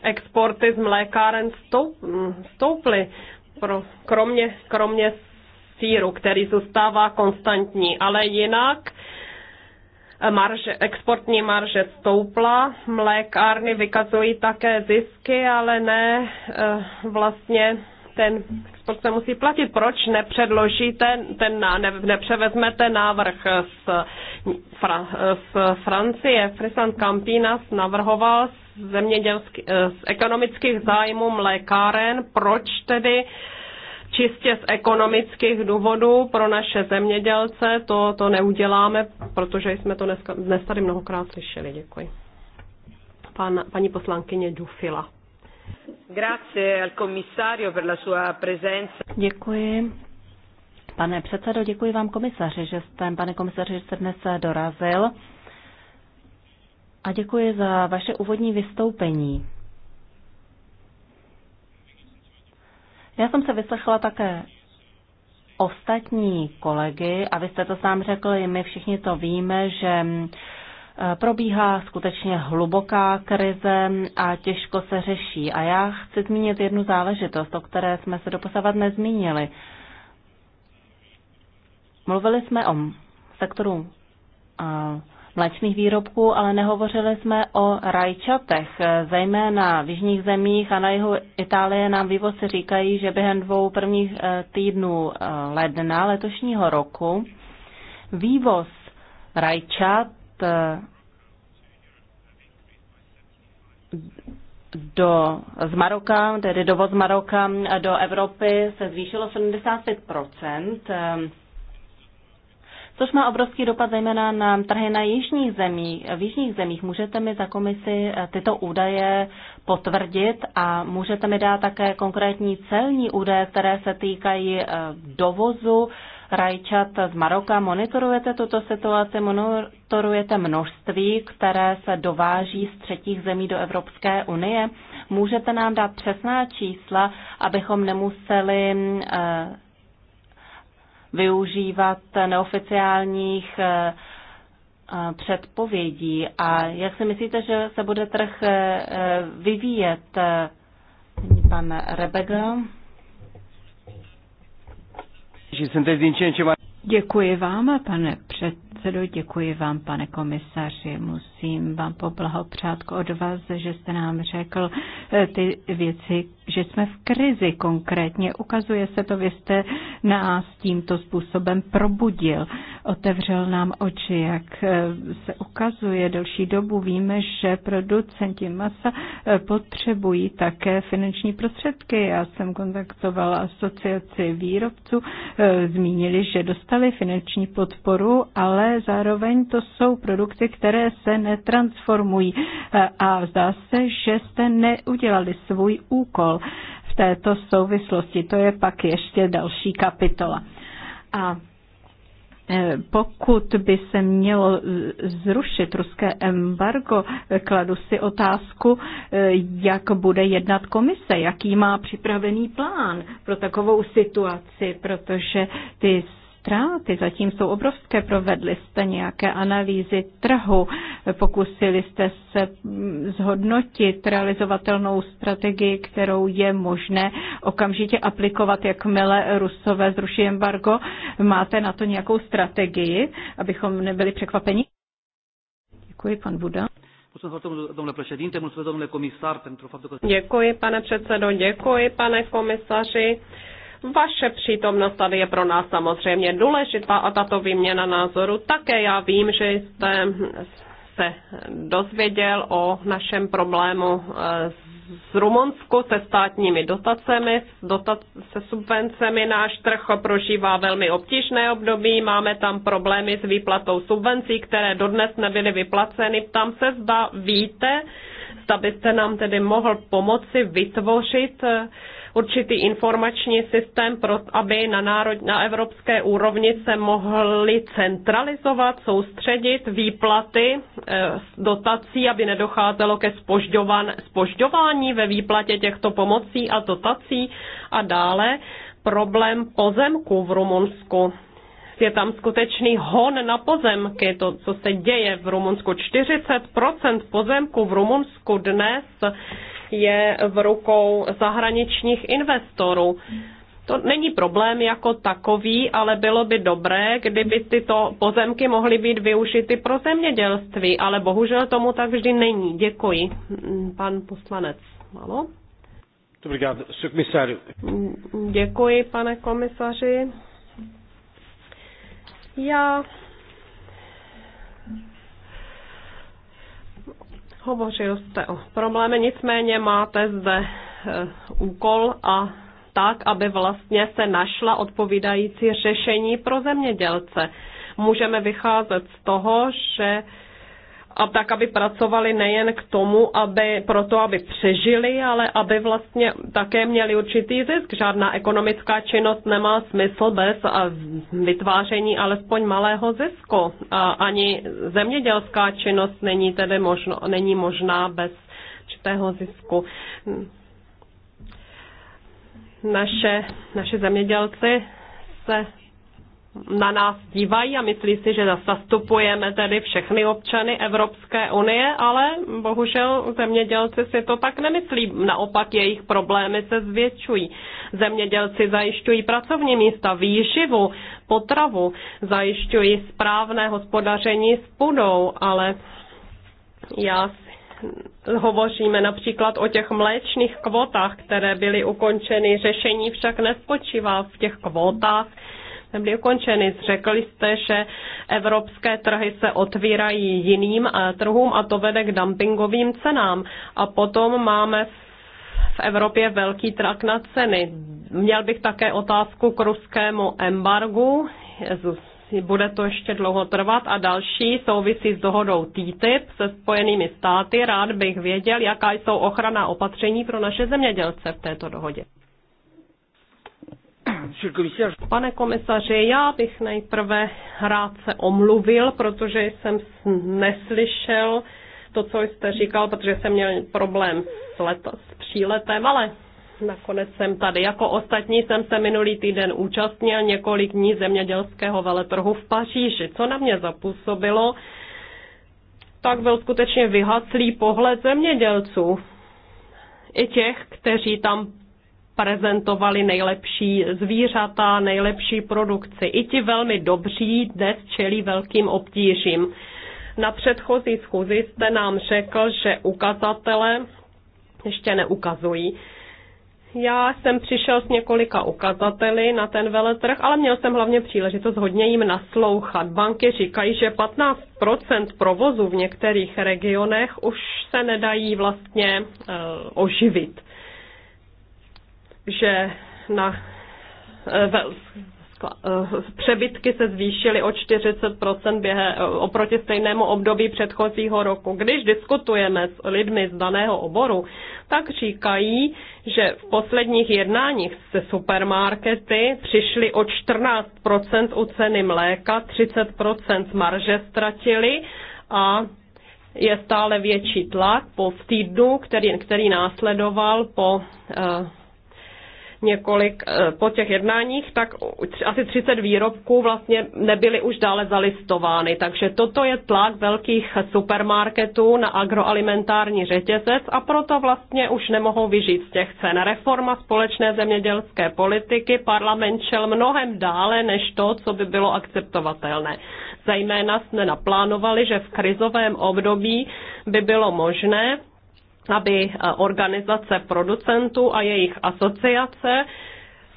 exporty z mlékáren stouply, kromě, kromě síru, který zůstává konstantní, ale jinak eh, marže, exportní marže stoupla, mlékárny vykazují také zisky, ale ne eh, vlastně ten export se musí platit. Proč nepředložíte, ten, ne, nepřevezmete návrh z, eh, Fra, z Francie? Frisant Campinas navrhoval zemědělský, eh, z ekonomických zájmů mlékáren, proč tedy čistě z ekonomických důvodů pro naše zemědělce to, to neuděláme, protože jsme to dneska, dnes tady mnohokrát slyšeli. Děkuji. Pan, paní poslankyně Dufila. Grazie al commissario per la sua presenza. Děkuji. Pane předsedo, děkuji vám komisaři, že jste, pane komisaři, že jste dnes eh, dorazil a děkuji za vaše úvodní vystoupení. Já jsem se vyslechla také ostatní kolegy, a vy jste to sám řekli, my všichni to víme, že eh, probíhá skutečně hluboká krize a těžko se řeší. A já chci zmínit jednu záležitost, o které jsme se doposavat nezmínili. Mluvili jsme o sektoru mléčných výrobků, ale nehovořili jsme o rajčatech. Zejména v jižních zemích a na jihu Itálie nám vývozci říkají, že během dvou prvních eh, týdnů eh, ledna letošního roku vývoz rajčat eh, do, z Maroka, tedy dovoz Maroka do Evropy se zvýšilo 75 což má obrovský dopad zejména na trhy na jižních zemích. V jižních zemích můžete mi za komisi eh, tyto údaje potvrdit a můžete mi dát také konkrétní celní údaje, které se týkají eh, dovozu rajčat z Maroka. Monitorujete tuto situaci, monitorujete množství, které se dováží z třetích zemí do Evropské unie. Můžete nám dát přesná čísla, abychom nemuseli eh, využívat neoficiálních eh, eh, předpovědí a jak si myslíte, že se bude trh eh, vyvíjet? Pan Rebega. Děkuji vám, pane předsedo, děkuji vám, pane komisaři. Musím vám poblahopřát k odvaze, že jste nám řekl ty věci, že jsme v krizi konkrétně. Ukazuje se to, vy jste nás tímto způsobem probudil. Otevřel nám oči, jak eh, se ukazuje delší dobu. Víme, že producenti masa eh, potřebují také finanční prostředky. Já jsem kontaktovala asociaci výrobců, eh, zmínili, že dostali finanční podporu, ale zároveň to jsou produkty, které se netransformují. A zdá se, že jste neudělali svůj úkol kontrol v této souvislosti. To je pak ještě další kapitola. A e, pokud by se mělo zrušit ruské embargo, kladu si otázku, e, jak bude jednat komise, jaký má připravený plán pro takovou situaci, protože ty ztráty zatím jsou obrovské. Provedli jste nějaké analýzy trhu, pokusili jste se zhodnotit realizovatelnou strategii, kterou je možné okamžitě aplikovat, jakmile Rusové zruší embargo. Máte na to nějakou strategii, abychom nebyli překvapeni? Děkuji, pan Buda. Děkuji, pane předsedo, děkuji, pane komisaři vaše přítomnost tady je pro nás samozřejmě důležitá a tato výměna názoru také. Já vím, že jste se dozvěděl o našem problému eh, z Rumunsku se státními dotacemi, se subvencemi. Náš trh prožívá velmi obtížné období, máme tam problémy s výplatou subvencí, které dodnes nebyly vyplaceny. Tam se zda víte, zda byste nám tedy mohl pomoci vytvořit uh, určitý informační systém, pro, aby na, národ, na evropské úrovni se mohly centralizovat, soustředit výplaty eh, dotací, aby nedocházelo ke spožďování ve výplatě těchto pomocí a dotací a dále problém pozemku v Rumunsku je tam skutečný hon na pozemky, to, co se děje v Rumunsku. 40% pozemku v Rumunsku dnes je v rukou zahraničních investorů. To není problém jako takový, ale bylo by dobré, kdyby tyto pozemky mohly být využity pro zemědělství, ale bohužel tomu tak vždy není. Děkuji. Pan poslanec, malo? Děkuji, pane komisaři. Já Hovořil jste o probléme, nicméně máte zde e, úkol a tak, aby vlastně se našla odpovídající řešení pro zemědělce. Můžeme vycházet z toho, že a tak, aby pracovali nejen k tomu, aby proto, aby přežili, ale aby vlastně také měli určitý zisk. Žádná ekonomická činnost nemá smysl bez vytváření alespoň malého zisku. A ani zemědělská činnost není tedy možno, není možná bez určitého zisku. Naše, naše zemědělci se na nás dívají a myslí si, že zastupujeme tedy všechny občany Evropské unie, ale bohužel zemědělci si to tak nemyslí. Naopak jejich problémy se zvětšují. Zemědělci zajišťují pracovní místa, výživu, potravu, zajišťují správné hospodaření s půdou, ale já hovoříme například o těch mléčných kvotách, které byly ukončeny. Řešení však nespočívá v těch kvotách, nebyly ukončeny. Řekli jste, že evropské trhy se otvírají jiným eh, trhům a to vede k dumpingovým cenám. A potom máme v Evropě velký trak na ceny. Měl bych také otázku k ruskému embargu. Jezus, bude to ještě dlouho trvat. A další souvisí s dohodou TTIP se Spojenými státy. Rád bych věděl, jaká jsou ochrana opatření pro naše zemědělce v této dohodě. Pane komisaře, já bych nejprve rád se omluvil, protože jsem neslyšel to, co jste říkal, protože jsem měl problém s, leto, s příletem, ale nakonec jsem tady. Jako ostatní jsem se minulý týden účastnil několik dní zemědělského veletrhu v Paříži. Co na mě zapůsobilo, tak byl skutečně vyhaclý pohled zemědělců. I těch, kteří tam prezentovali nejlepší zvířata, nejlepší produkci. I ti velmi dobří dnes čelí velkým obtížím. Na předchozí schůzi jste nám řekl, že ukazatele ještě neukazují. Já jsem přišel s několika ukazateli na ten veletrh, ale měl jsem hlavně příležitost hodně jim naslouchat. Banky říkají, že 15% provozu v některých regionech už se nedají vlastně e, oživit že na eh, eh, přebytky se zvýšily o 40% během, eh, oproti stejnému období předchozího roku. Když diskutujeme s lidmi z daného oboru, tak říkají, že v posledních jednáních se supermarkety přišly o 14% u ceny mléka, 30% marže ztratili a je stále větší tlak po týdnu, který, který následoval po uh, několik eh, po těch jednáních, tak asi 30 výrobků vlastně nebyly už dále zalistovány. Takže toto je tlak velkých supermarketů na agroalimentární řetězec a proto vlastně už nemohou vyžít z těch cen. Reforma společné zemědělské politiky parlament šel mnohem dále než to, co by bylo akceptovatelné. Zejména jsme naplánovali, že v krizovém období by bylo možné aby eh, organizace producentů a jejich asociace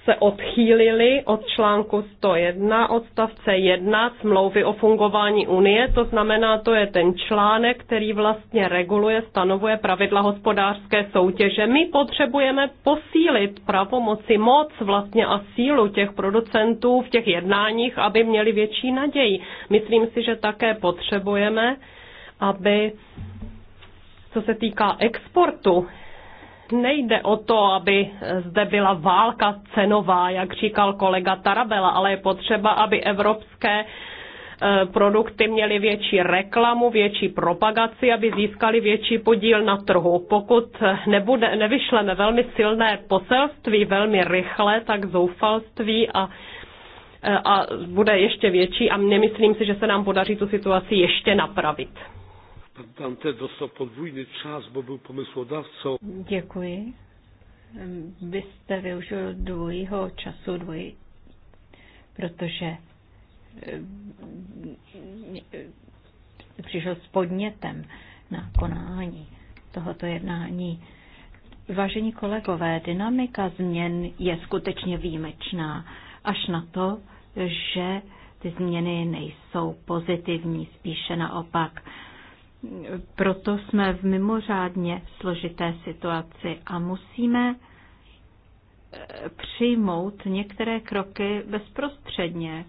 se odchýlili od článku 101 odstavce 1 smlouvy o fungování Unie, to znamená, to je ten článek, který vlastně reguluje, stanovuje pravidla hospodářské soutěže. My potřebujeme posílit pravomoci moc vlastně a sílu těch producentů v těch jednáních, aby měli větší naději. Myslím si, že také potřebujeme, aby co se týká exportu, nejde o to, aby zde byla válka cenová, jak říkal kolega Tarabela, ale je potřeba, aby evropské e, produkty měly větší reklamu, větší propagaci, aby získali větší podíl na trhu. Pokud nebude, nevyšleme velmi silné poselství velmi rychle, tak zoufalství a e, a bude ještě větší a nemyslím si, že se nám podaří tu situaci ještě napravit. Pan Dante dostal podvůjný čas, bo byl pomysłodawcą. Děkuji. Vy jste využil dvojího času, dvojí, protože eh, přišel s podnětem na konání tohoto jednání. Vážení kolegové, dynamika změn je skutečně výjimečná, až na to, že ty změny nejsou pozitivní, spíše naopak proto jsme v mimořádně složité situaci a musíme eh, přijmout některé kroky bezprostředně,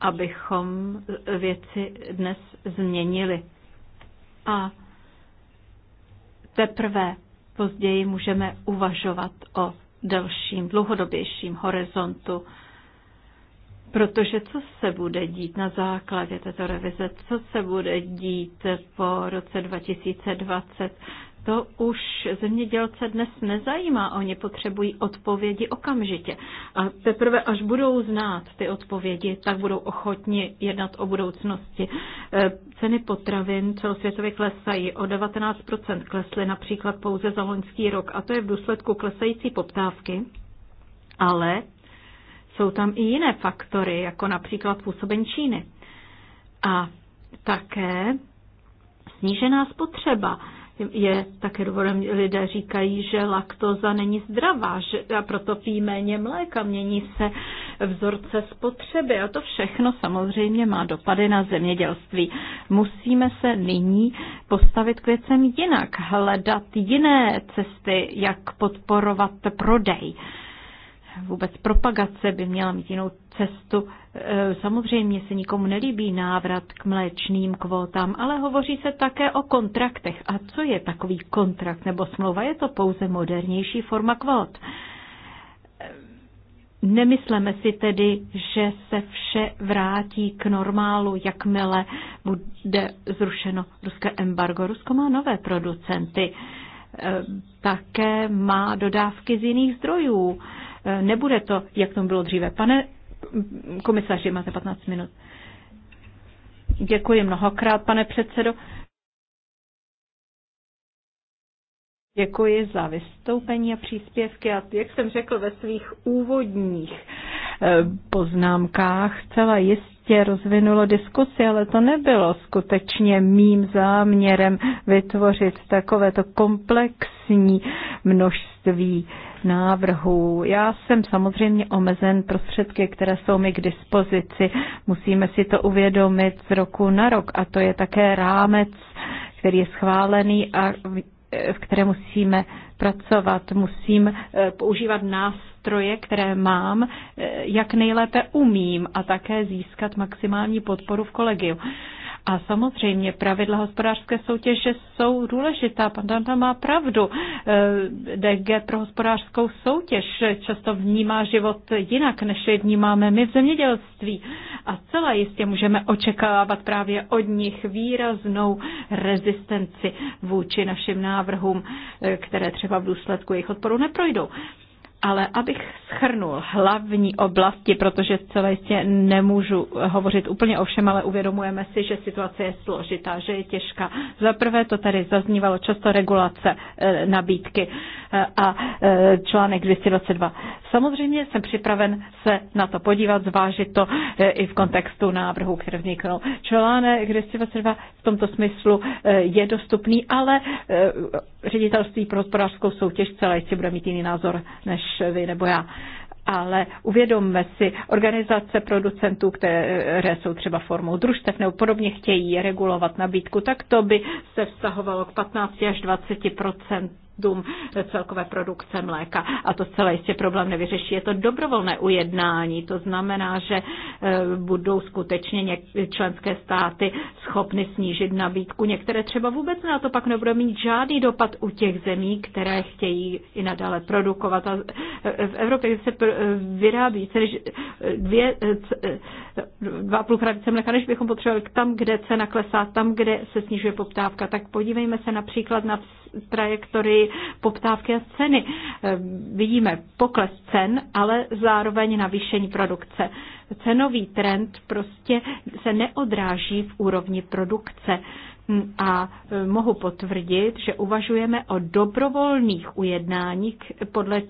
abychom věci dnes změnili. A teprve později můžeme uvažovat o dalším dlouhodobějším horizontu Protože co se bude dít na základě této revize, co se bude dít po roce 2020, to už zemědělce dnes nezajímá. Oni potřebují odpovědi okamžitě. A teprve, až budou znát ty odpovědi, tak budou ochotni jednat o budoucnosti. E, ceny potravin celosvětově klesají. O 19% klesly například pouze za loňský rok. A to je v důsledku klesající poptávky, ale jsou tam i jiné faktory, jako například působení Číny. A také snížená spotřeba je také důvodem, lidé říkají, že laktoza není zdravá že, a proto pí méně mléka, mění se vzorce spotřeby a to všechno samozřejmě má dopady na zemědělství. Musíme se nyní postavit k věcem jinak, hledat jiné cesty, jak podporovat prodej vůbec propagace by měla mít jinou cestu. E, samozřejmě se nikomu nelíbí návrat k mléčným kvótám, ale hovoří se také o kontraktech. A co je takový kontrakt nebo smlouva? Je to pouze modernější forma kvót. E, nemysleme si tedy, že se vše vrátí k normálu, jakmile bude zrušeno ruské embargo. Rusko má nové producenty, e, také má dodávky z jiných zdrojů Eh, nebude to, jak tomu bylo dříve. Pane komisaři, máte 15 minut. Děkuji mnohokrát, pane předsedo. Děkuji za vystoupení a příspěvky a jak jsem řekl ve svých úvodních eh, poznámkách, zcela jistě rozvinulo diskusi, ale to nebylo skutečně mým záměrem vytvořit takovéto komplexní množství návrhů. Já jsem samozřejmě omezen prostředky, které jsou mi k dispozici. Musíme si to uvědomit z roku na rok a to je také rámec, který je schválený a v které musíme pracovat. Musím eh, používat nástroje, které mám, eh, jak nejlépe umím a také získat maximální podporu v kolegiu. A samozřejmě pravidla hospodářské soutěže jsou důležitá. Pan Danda má pravdu. Eh, DG pro hospodářskou soutěž často vnímá život jinak, než je vnímáme my v zemědělství. A celá jistě můžeme očekávat právě od nich výraznou rezistenci vůči našim návrhům, eh, které třeba v důsledku jejich odporu neprojdou. Ale abych schrnul hlavní oblasti, protože zcela jistě nemůžu hovořit úplně o všem, ale uvědomujeme si, že situace je složitá, že je těžká. Za prvé to tady zaznívalo často regulace e, nabídky e, a e, článek 222. Samozřejmě jsem připraven se na to podívat, zvážit to e, i v kontextu návrhu, které vzniknou. Článek 222 v tomto smyslu e, je dostupný, ale e, ředitelství pro hospodářskou soutěž celé jistě bude mít jiný názor než vy nebo já. Ale uvědomme si, organizace producentů, které jsou třeba formou družstev nebo podobně, chtějí regulovat nabídku, tak to by se vztahovalo k 15 až 20 dům celkové produkce mléka. A to zcela jistě problém nevyřeší. Je to dobrovolné ujednání, to znamená, že eh, budou skutečně členské státy schopny snížit nabídku. Některé třeba vůbec ne, a to pak nebude mít žádný dopad u těch zemí, které chtějí i nadále produkovat. A eh, v Evropě se vyrábí celý dvě eh, Dva půl krabice mléka, než bychom potřebovali tam, kde cena klesá, tam, kde se snižuje poptávka. Tak podívejme se například na trajektorii poptávky a ceny. Eh, vidíme pokles cen, ale zároveň navýšení produkce. Cenový trend prostě se neodráží v úrovni produkce a e, mohu potvrdit, že uvažujeme o dobrovolných ujednáních podle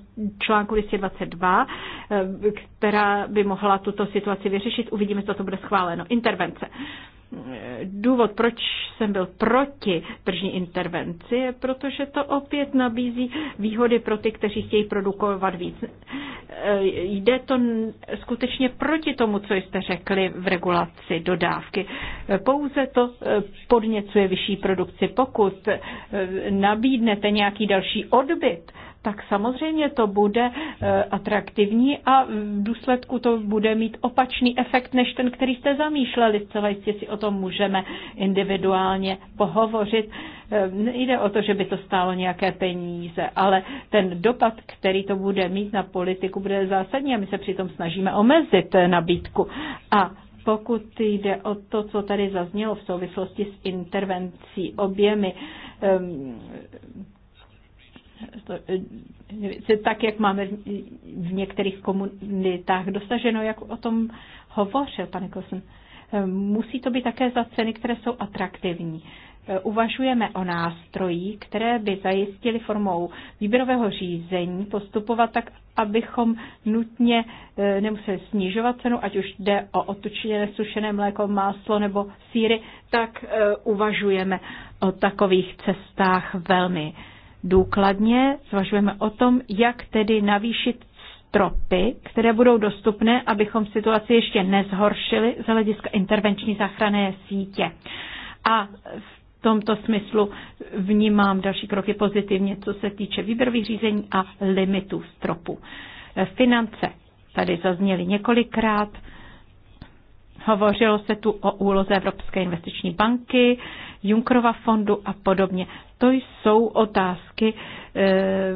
článku 222, e, která by mohla tuto situaci vyřešit. Uvidíme, co to bude schváleno. Intervence důvod, proč jsem byl proti tržní intervenci, je protože to opět nabízí výhody pro ty, kteří chtějí produkovat víc. E, jde to skutečně proti tomu, co jste řekli v regulaci dodávky. E, pouze to e, podněcuje vyšší produkci. Pokud nabídnete nějaký další odbyt, tak samozřejmě to bude eh, atraktivní a v důsledku to bude mít opačný efekt, než ten, který jste zamýšleli. Zcela jistě si o tom můžeme individuálně pohovořit. Eh, nejde o to, že by to stálo nějaké peníze, ale ten dopad, který to bude mít na politiku, bude zásadní a my se přitom snažíme omezit eh, nabídku. A pokud jde o to, co tady zaznělo v souvislosti s intervencí oběmi, Eh, tak, jak máme v některých komunitách dosaženo, jak o tom hovořil pan Kosen. Eh, musí to být také za ceny, které jsou atraktivní. Eh, uvažujeme o nástrojích, které by zajistili formou výběrového řízení postupovat tak, abychom nutně nemuseli snižovat cenu, ať už jde o otučené sušené mléko, máslo nebo síry, tak uvažujeme o takových cestách velmi důkladně zvažujeme o tom, jak tedy navýšit stropy, které budou dostupné, abychom situaci ještě nezhoršili z hlediska intervenční záchranné sítě. A v tomto smyslu vnímám další kroky pozitivně, co se týče výběrových řízení a limitů stropu. Finance tady zazněly několikrát Hovořilo se tu o úloze Evropské investiční banky, Junkrova fondu a podobně. To jsou otázky, eh,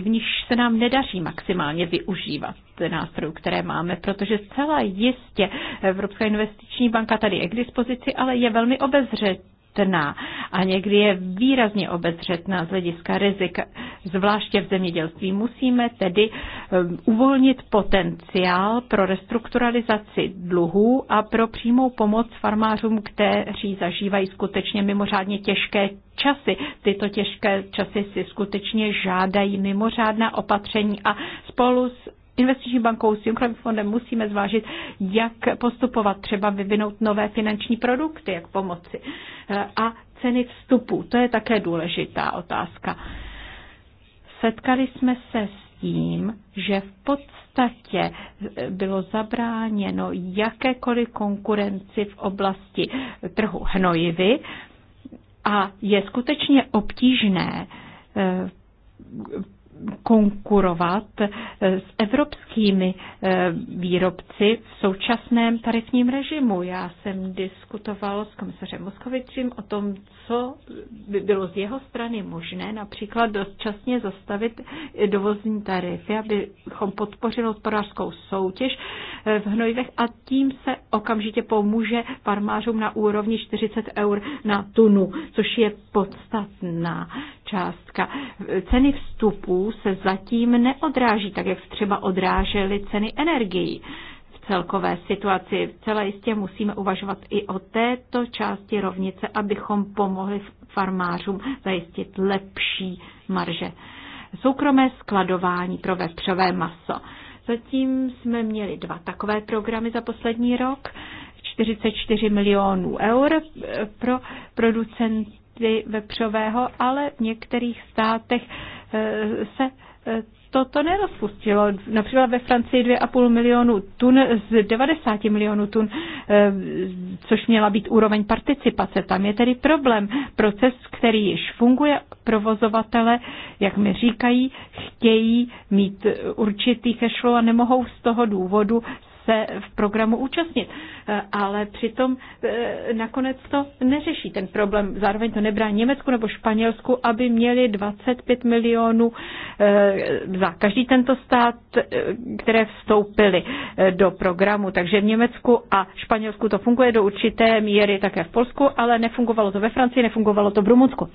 v níž se nám nedaří maximálně využívat nástrojů, které máme, protože zcela jistě Evropská investiční banka tady je k dispozici, ale je velmi obezřetná opatrná a někdy je výrazně obezřetná z hlediska rizika, zvláště v zemědělství. Musíme tedy um, uvolnit potenciál pro restrukturalizaci dluhů a pro přímou pomoc farmářům, kteří zažívají skutečně mimořádně těžké časy. Tyto těžké časy si skutečně žádají mimořádná opatření a spolu s investiční bankou, s Junckerovým fondem musíme zvážit, jak postupovat, třeba vyvinout nové finanční produkty, jak pomoci. A ceny vstupu, to je také důležitá otázka. Setkali jsme se s tím, že v podstatě bylo zabráněno jakékoliv konkurenci v oblasti trhu hnojivy a je skutečně obtížné eh, konkurovat eh, s evropskými eh, výrobci v současném tarifním režimu. Já jsem diskutoval s komisařem Moskovičem o tom, co by bylo z jeho strany možné, například dočasně zastavit dovozní tarify, abychom podpořili hospodářskou soutěž eh, v hnojivech a tím se okamžitě pomůže farmářům na úrovni 40 eur na tunu, což je podstatná částka. Ceny vstupů se zatím neodráží tak, jak se třeba odrážely ceny energií v celkové situaci. V celé jistě musíme uvažovat i o této části rovnice, abychom pomohli farmářům zajistit lepší marže. Soukromé skladování pro vepřové maso. Zatím jsme měli dva takové programy za poslední rok. 44 milionů eur pro producent množství vepřového, ale v některých státech eh, se eh, toto nerozpustilo. Například ve Francii 2,5 milionu tun z 90 milionů tun, eh, což měla být úroveň participace. Tam je tedy problém. Proces, který již funguje, provozovatele, jak mi říkají, chtějí mít určitý cashflow a nemohou z toho důvodu se v programu účastnit. Eh, ale přitom eh, nakonec to neřeší ten problém. Zároveň to nebrá Německu nebo Španělsku, aby měli 25 milionů eh, za každý tento stát, které vstoupily do programu. Takže v Německu a Španělsku to funguje do určité míry také v Polsku, ale nefungovalo to ve Francii, nefungovalo to v Rumunsku.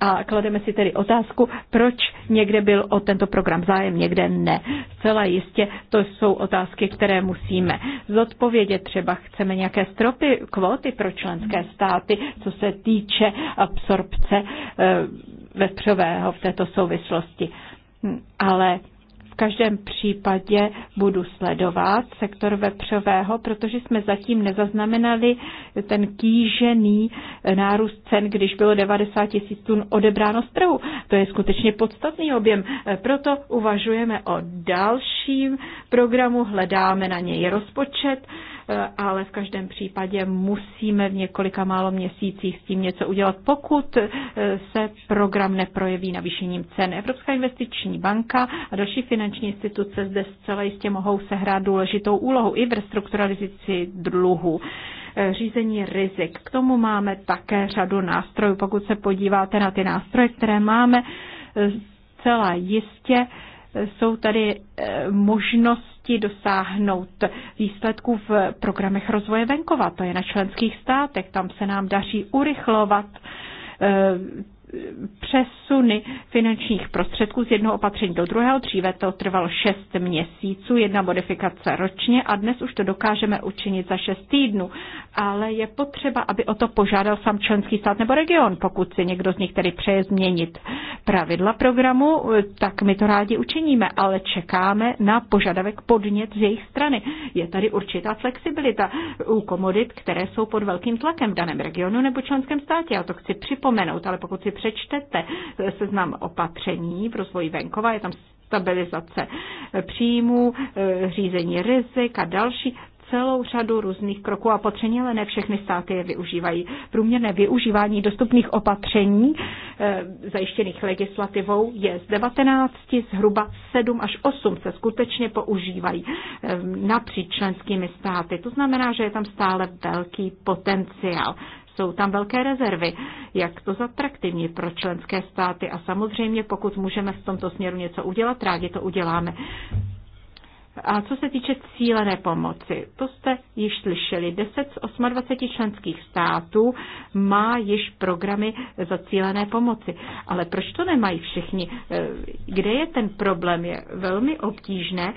A klademe si tedy otázku, proč někde byl o tento program zájem, někde ne. Zcela jistě to jsou otázky, které musíme zodpovědět. Třeba chceme nějaké stropy, kvóty pro členské státy, co se týče absorpce eh, vepřového v této souvislosti. Hm, ale každém případě budu sledovat sektor vepřového, protože jsme zatím nezaznamenali ten kýžený nárůst cen, když bylo 90 tisíc tun odebráno z trhu. To je skutečně podstatný objem. Proto uvažujeme o dalším programu, hledáme na něj rozpočet Eh, ale v každém případě musíme v několika málo měsících s tím něco udělat, pokud eh, se program neprojeví navýšením cen. Evropská investiční banka a další finanční instituce zde zcela jistě mohou sehrát důležitou úlohu i v restrukturalizaci dluhu eh, řízení rizik. K tomu máme také řadu nástrojů. Pokud se podíváte na ty nástroje, které máme, zcela jistě jsou tady eh, možnosti dosáhnout výsledků v programech rozvoje venkova. To je na členských státech, tam se nám daří urychlovat eh, přesuny finančních prostředků z jednoho opatření do druhého. Dříve to trvalo 6 měsíců, jedna modifikace ročně a dnes už to dokážeme učinit za 6 týdnů. Ale je potřeba, aby o to požádal sám členský stát nebo region. Pokud si někdo z nich tedy přeje změnit pravidla programu, tak my to rádi učiníme, ale čekáme na požadavek podnět z jejich strany. Je tady určitá flexibilita u komodit, které jsou pod velkým tlakem v daném regionu nebo členském státě. Já to chci připomenout, ale pokud si přečtete seznam opatření v rozvoji venkova, je tam stabilizace příjmů, eh, řízení rizik a další celou řadu různých kroků a opatření, ale ne všechny státy je využívají. Průměrné využívání dostupných opatření e, zajištěných legislativou je z 19, zhruba 7 až 8 se skutečně používají e, napříč členskými státy. To znamená, že je tam stále velký potenciál. Jsou tam velké rezervy. Jak to zatraktivní pro členské státy? A samozřejmě, pokud můžeme v tomto směru něco udělat, rádi to uděláme. A co se týče cílené pomoci, to jste již slyšeli. 10 z 28 členských států má již programy za cílené pomoci. Ale proč to nemají všichni? E, kde je ten problém? Je velmi obtížné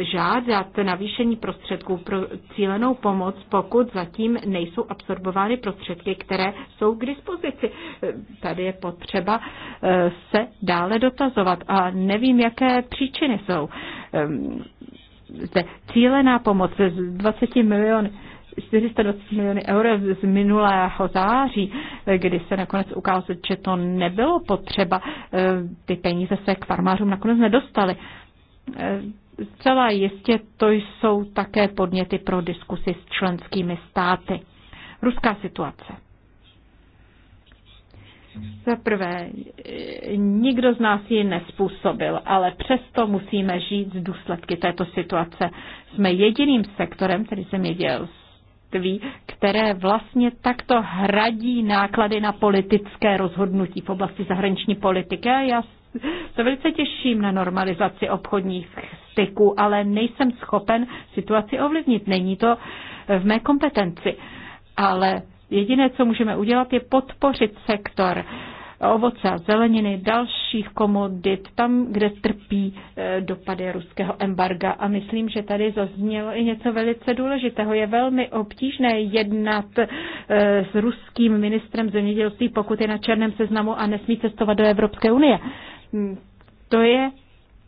e, žádat navýšení prostředků pro cílenou pomoc, pokud zatím nejsou absorbovány prostředky, které jsou k dispozici. E, tady je potřeba se dále dotazovat a nevím, jaké příčiny jsou. Ehm, zde cílená pomoc z 20 milion, 420 miliony eur z minulého září, kdy se nakonec ukázalo, že to nebylo potřeba. Ehm, ty peníze se k farmářům nakonec nedostaly. Ehm, zcela jistě to jsou také podněty pro diskusy s členskými státy. Ruská situace. Za prvé, nikdo z nás ji nespůsobil, ale přesto musíme žít z důsledky této situace. Jsme jediným sektorem, tedy zemědělství, které vlastně takto hradí náklady na politické rozhodnutí v oblasti zahraniční politiky. A já se velice těším na normalizaci obchodních styků, ale nejsem schopen situaci ovlivnit. Není to v mé kompetenci. Ale Jediné, co můžeme udělat, je podpořit sektor ovoce a zeleniny, dalších komodit, tam, kde trpí e, dopady ruského embarga. A myslím, že tady zaznělo i něco velice důležitého. Je velmi obtížné jednat e, s ruským ministrem zemědělství, pokud je na černém seznamu a nesmí cestovat do Evropské unie. Hm, to je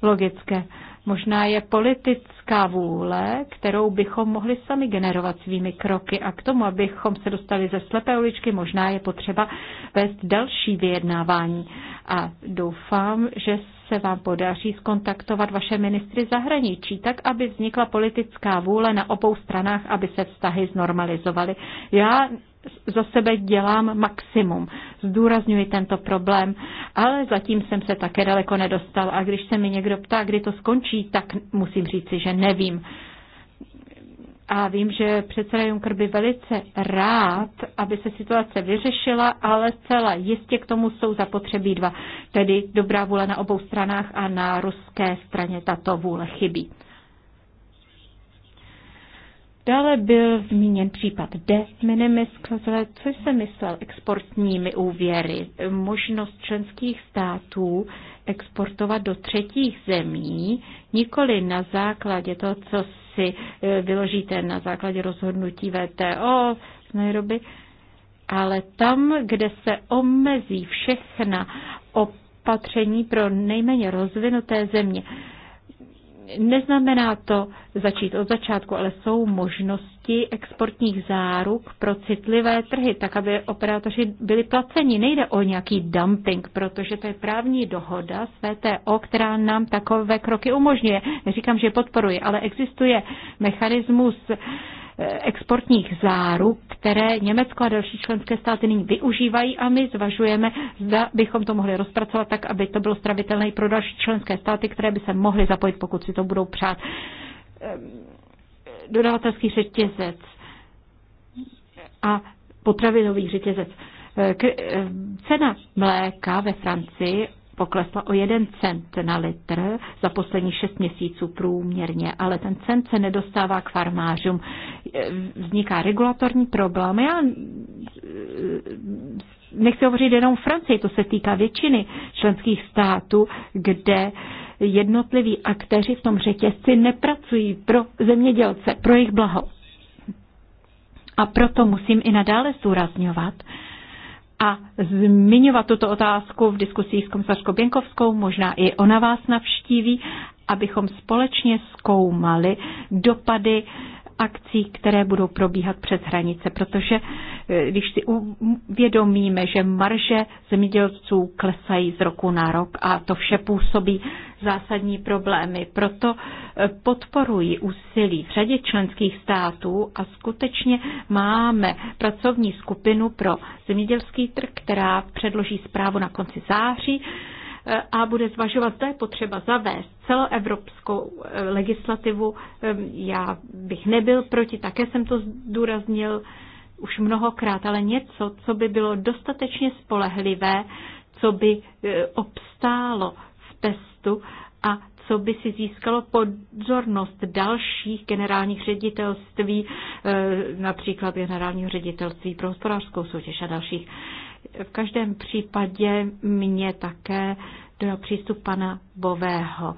logické. Možná je politická vůle, kterou bychom mohli sami generovat svými kroky a k tomu, abychom se dostali ze slepé uličky, možná je potřeba vést další vyjednávání. A doufám, že se vám podaří skontaktovat vaše ministry zahraničí, tak aby vznikla politická vůle na obou stranách, aby se vztahy znormalizovaly. Já za sebe dělám maximum. Zdůrazňuji tento problém, ale zatím jsem se také daleko nedostal. A když se mi někdo ptá, kdy to skončí, tak musím říci, že nevím. A vím, že předseda Juncker by velice rád, aby se situace vyřešila, ale celá jistě k tomu jsou zapotřebí dva. Tedy dobrá vůle na obou stranách a na ruské straně tato vůle chybí. Dále byl zmíněn případ de minimis Co což se myslel exportními úvěry. Možnost členských států exportovat do třetích zemí, nikoli na základě toho, co si eh, vyložíte na základě rozhodnutí VTO z Nairobi, ale tam, kde se omezí všechna opatření pro nejméně rozvinuté země, Neznamená to začít od začátku, ale jsou možnosti exportních záruk pro citlivé trhy, tak aby operátoři byli placeni. Nejde o nějaký dumping, protože to je právní dohoda s VTO, která nám takové kroky umožňuje. Neříkám, že podporuji, ale existuje mechanismus exportních záruk, které Německo a další členské státy nyní využívají a my zvažujeme, zda bychom to mohli rozpracovat tak, aby to bylo stravitelné pro další členské státy, které by se mohly zapojit, pokud si to budou přát. Ehm, dodavatelský řetězec a potravinový řetězec. Ehm, cena mléka ve Francii poklesla o jeden cent na litr za poslední šest měsíců průměrně, ale ten cent se nedostává k farmářům. Vzniká regulatorní problém. Já eh, nechci hovořit jenom Francii, to se týká většiny členských států, kde jednotliví aktéři v tom řetězci nepracují pro zemědělce, pro jejich blaho. A proto musím i nadále zdůrazňovat, a zmiňovat tuto otázku v diskusích s komisařkou Běnkovskou, možná i ona vás navštíví, abychom společně zkoumali dopady akcí, které budou probíhat přes hranice, protože eh, když si uvědomíme, že marže zemědělců klesají z roku na rok a to vše působí zásadní problémy, proto eh, podporují úsilí v řadě členských států a skutečně máme pracovní skupinu pro zemědělský trh, která předloží zprávu na konci září a bude zvažovat, zda je potřeba zavést celoevropskou eh, legislativu. Ehm, já bych nebyl proti, také jsem to zdůraznil už mnohokrát, ale něco, co by bylo dostatečně spolehlivé, co by eh, obstálo v testu a co by si získalo pozornost dalších generálních ředitelství, eh, například generálního ředitelství pro hospodářskou soutěž a dalších. V každém případě mě také do přístup pana Bového.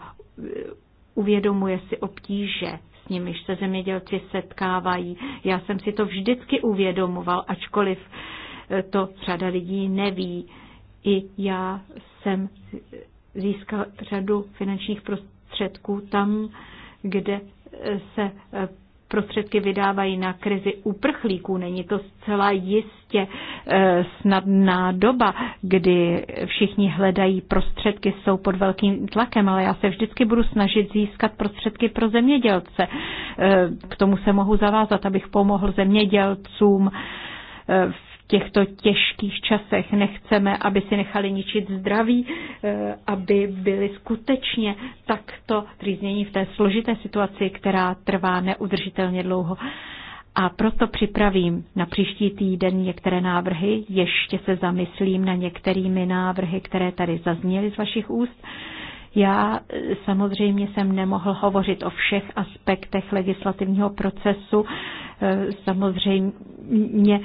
Uvědomuje si obtíže, s nimiž se zemědělci setkávají. Já jsem si to vždycky uvědomoval, ačkoliv eh, to řada lidí neví. I já jsem získal řadu finančních prostředků tam, kde eh, se eh, prostředky vydávají na krizi uprchlíků. Není to zcela jistě eh, snadná doba, kdy všichni hledají prostředky, jsou pod velkým tlakem, ale já se vždycky budu snažit získat prostředky pro zemědělce. Eh, k tomu se mohu zavázat, abych pomohl zemědělcům v eh, těchto těžkých časech. Nechceme, aby si nechali ničit zdraví, eh, aby byli skutečně takto trýznění v té složité situaci, která trvá neudržitelně dlouho. A proto připravím na příští týden některé návrhy, ještě se zamyslím na některými návrhy, které tady zazněly z vašich úst já e, samozřejmě jsem nemohl hovořit o všech aspektech legislativního procesu. E, samozřejmě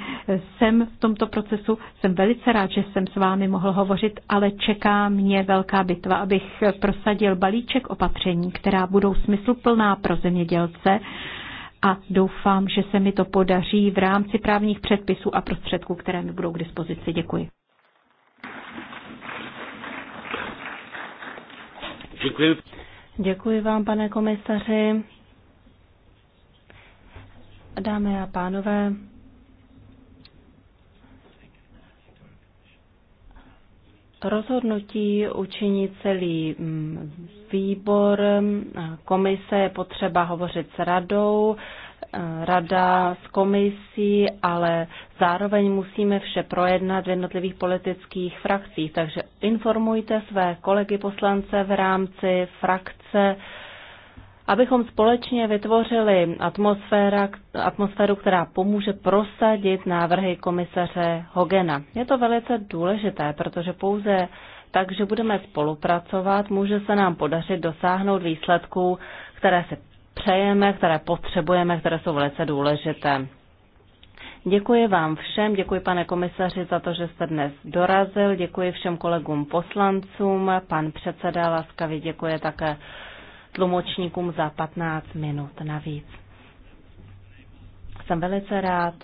jsem v tomto procesu, jsem velice rád, že jsem s vámi mohl hovořit, ale čeká mě velká bitva, abych prosadil balíček opatření, která budou smysluplná pro zemědělce a doufám, že se mi to podaří v rámci právních předpisů a prostředků, které mi budou k dispozici. Děkuji. Děkuji. Děkuji vám, pane komisaři. Dámy a pánové, Rozhodnutí učiní celý mm, výbor, komise je potřeba hovořit s radou Eh, rada s komisí, ale zároveň musíme vše projednat v jednotlivých politických frakcích. Takže informujte své kolegy poslance v rámci frakce, abychom společně vytvořili atmosféra, atmosféru, která pomůže prosadit návrhy komisaře Hogena. Je to velice důležité, protože pouze takže budeme spolupracovat, může se nám podařit dosáhnout výsledků, které se přejeme, které potřebujeme, které jsou velice důležité. Děkuji vám všem, děkuji pane komisaři za to, že jste dnes dorazil, děkuji všem kolegům poslancům, pan předseda laskavě děkuje také tlumočníkům za 15 minut navíc. Jsem velice rád,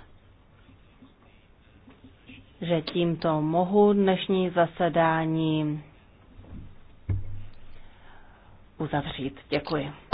že tímto mohu dnešní zasedání uzavřít. Děkuji.